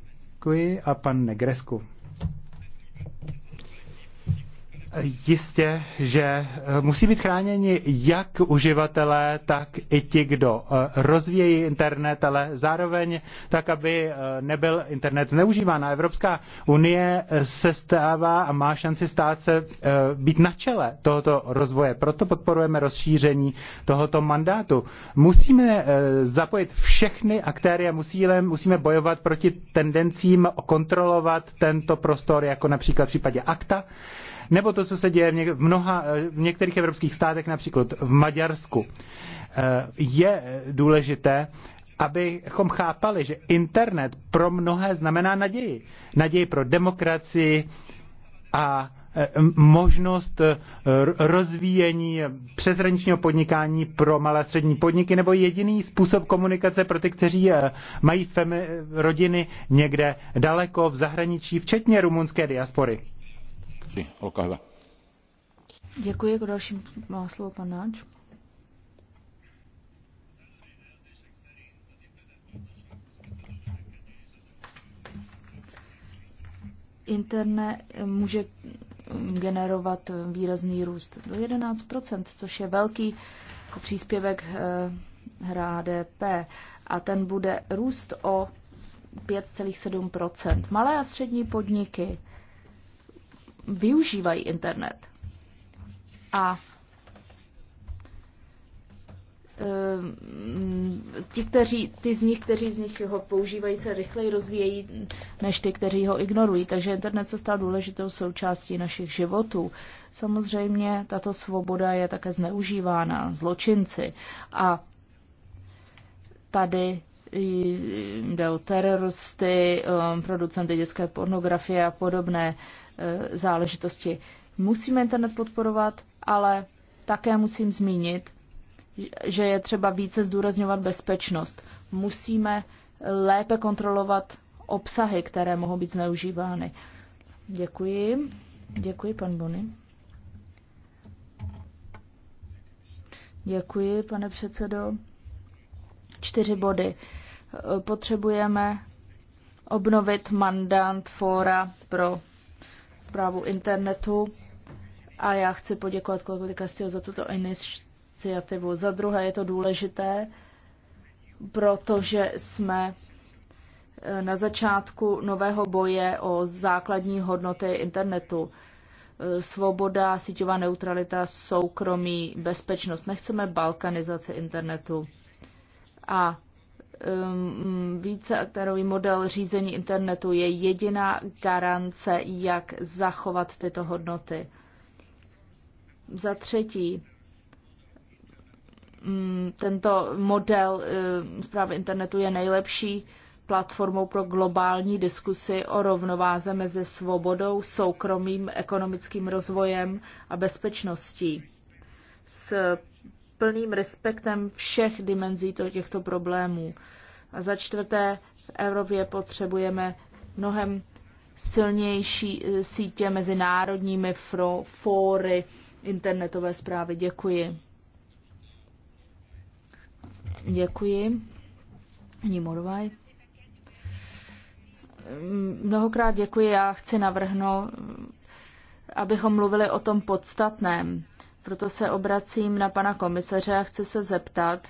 Děkuji a pan Negresku. Jistě, že eh, musí být chráněni jak uživatelé, tak i ti, kdo eh, rozvíjí internet, ale zároveň tak, aby eh, nebyl internet zneužíván. Evropská unie se stává a má šanci stát se být na čele tohoto rozvoje. Proto podporujeme rozšíření tohoto mandátu. Musíme zapojit všechny aktéry a musíme, musíme bojovat proti tendencím kontrolovat tento prostor, jako například v případě akta nebo to, co se děje v, něk- v, mnoha, eh, v některých evropských státech, například v Maďarsku. Eh, je důležité, abychom chápali, že internet pro mnohé znamená naději. Naději pro demokracii a eh, možnost rozvíjení přeshraničního podnikání pro malé a střední podniky nebo jediný způsob komunikace pro ty, kteří mají rodiny někde daleko v zahraničí, včetně rumunské diaspory. Olkaa hyvä. Děkuji. K dalším má slovo pan Náč. Internet může generovat výrazný růst do 11%, což je velký příspěvek HDP eh, a ten bude růst o 5,7%. Malé a střední podniky využívají internet. A ehm, ti, kteří, ty z nich, kteří z nich ho používají, se rychleji rozvíjejí než ty, kteří ho ignorují. Takže internet se stal důležitou součástí našich životů. Samozřejmě tato svoboda je také zneužívána zločinci a tady jde o teroristy, ehm, producenty dětské pornografie a podobné E, záležitosti. Musíme internet podporovat, ale také musím zmínit, že je třeba více zdůrazňovat bezpečnost. Musíme lépe kontrolovat obsahy, které mohou být zneužívány. Děkuji. Děkuji, pan Bony. Děkuji, pane předsedo. Čtyři body. Potřebujeme obnovit mandát fóra pro zprávu internetu a já chci poděkovat kolegovi Castillo za tuto iniciativu. Za druhé je to důležité, protože jsme eh, na začátku nového boje o základní hodnoty internetu. Eh, svoboda, síťová neutralita, soukromí, bezpečnost. Nechceme balkanizaci internetu. A Um, více aktérový model řízení internetu je jediná garance, jak zachovat tyto hodnoty. Za třetí, um, tento model um, zprávy internetu je nejlepší platformou pro globální diskusy o rovnováze mezi svobodou, soukromým ekonomickým rozvojem a bezpečností. S plným respektem všech dimenzí těchto problémů. A za čtvrté, v Evropě potřebujeme mnohem silnější eh, sítě mezinárodními fóry internetové zprávy. Děkuji. Děkuji. Nimorvaj. Mm, mnohokrát děkuji. Já chci navrhnout, abychom mluvili o tom podstatném. Proto se obracím na pana komisaře a chci se zeptat,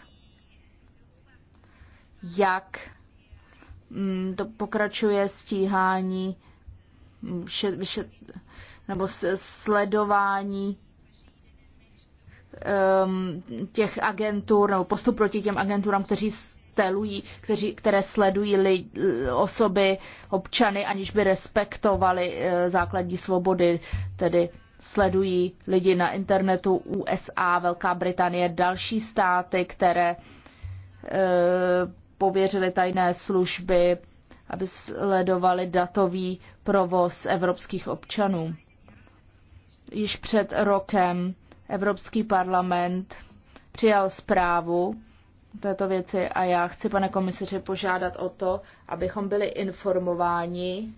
jak mm, to pokračuje stíhání mm, nebo sledování ehm, těch agentur nebo postup proti těm agenturám, kteří stelují, kteří, které sledují lidi, osoby, občany, aniž by respektovali eh, základní svobody, tedy sledují lidi na internetu USA, Velká Británie, další státy, které e, pověřily tajné služby, aby sledovali datový provoz evropských občanů. Již před rokem Evropský parlament přijal zprávu této věci a já chci, pane komisaři, požádat o to, abychom byli informováni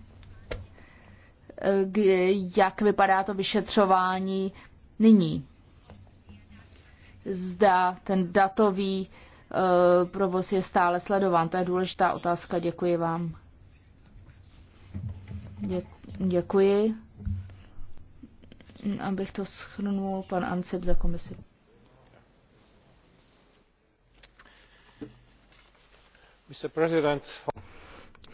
Eh, jak vypadá to vyšetřování nyní. Zda ten datový eh, provoz je stále sledován. To je důležitá otázka. Děkuji vám. Děkuji. Abych to schrnul, pan Ancip za komisi. Mr. President.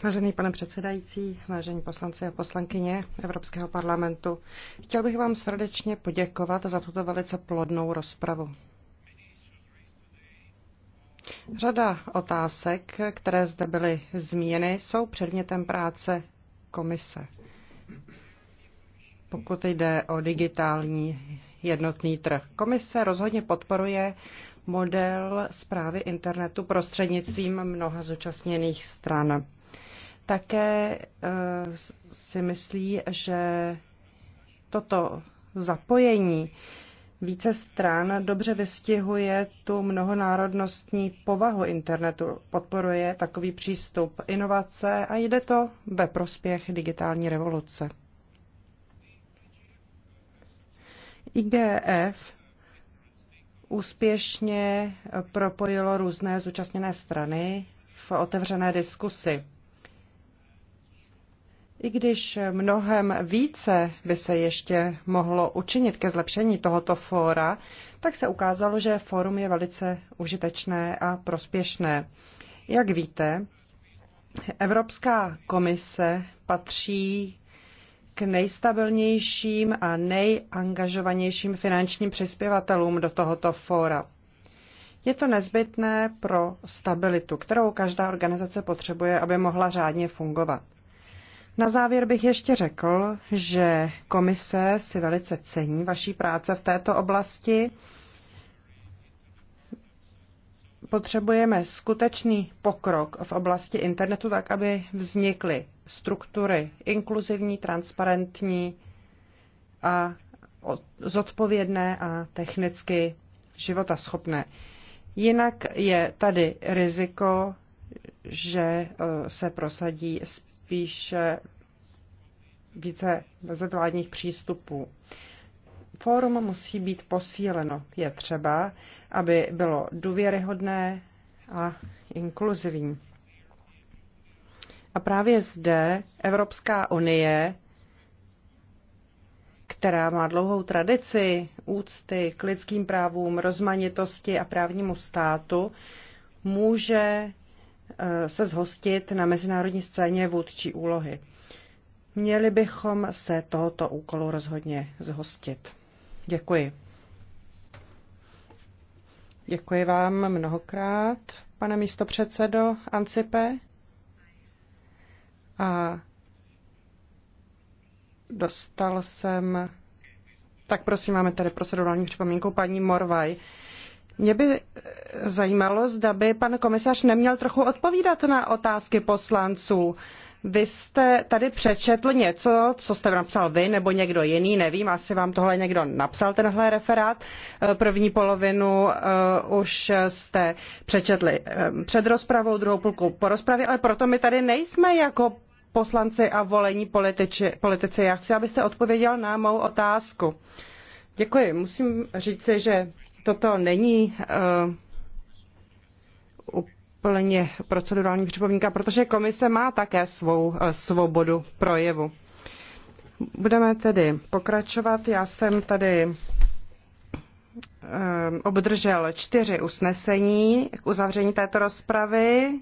Vážený pane předsedající, vážení poslanci a poslankyně Evropského parlamentu, chtěl bych vám srdečně poděkovat za tuto velice plodnou rozpravu. Řada otázek, které zde byly zmíněny, jsou předmětem práce komise. Pokud jde o digitální jednotný trh, komise rozhodně podporuje model zprávy internetu prostřednictvím mnoha zúčastněných stran také eh, si myslí, že toto zapojení více stran dobře vystihuje tu mnohonárodnostní povahu internetu, podporuje takový přístup inovace a jde to ve prospěch digitální revoluce. IGF úspěšně propojilo různé zúčastněné strany v otevřené diskusi. I když mnohem více by se ještě mohlo učinit ke zlepšení tohoto fóra, tak se ukázalo, že fórum je velice užitečné a prospěšné. Jak víte, Evropská komise patří k nejstabilnějším a nejangažovanějším finančním přispěvatelům do tohoto fóra. Je to nezbytné pro stabilitu, kterou každá organizace potřebuje, aby mohla řádně fungovat. Na závěr bych ještě řekl, že komise si velice cení vaší práce v této oblasti. Potřebujeme skutečný pokrok v oblasti internetu tak, aby vznikly struktury inkluzivní, transparentní a zodpovědné a technicky životaschopné. Jinak je tady riziko, že eh, se prosadí spíše více mezivládních přístupů. Fórum musí být posíleno. Je třeba, aby bylo důvěryhodné a inkluzivní. A právě zde Evropská unie, která má dlouhou tradici úcty k lidským právům, rozmanitosti a právnímu státu, může Eh, se zhostit na mezinárodní scéně vůdčí úlohy. Měli bychom se tohoto úkolu rozhodně zhostit. Děkuji. Děkuji vám mnohokrát, pane místopředsedo Ancipe. A dostal jsem. Tak prosím, máme tady procedurální připomínku paní Morvaj. Mě by zajímalo, zda by pan komisař neměl trochu odpovídat na otázky poslanců. Vy jste tady přečetl něco, co jste napsal vy nebo někdo jiný, nevím, asi vám tohle někdo napsal, tenhle referát. Eh, první polovinu uh, už jste přečetli um, před rozpravou, druhou půlku po rozpravě, ale proto my tady nejsme jako poslanci a volení politici. politici. Já chci, abyste odpověděl na mou otázku. Děkuji. Musím říci, že Toto není uh, úplně procedurální připomínka, protože komise má také svou eh, svobodu projevu. Budeme tedy pokračovat. Já jsem tady eh, obdržel čtyři usnesení k uzavření této rozpravy.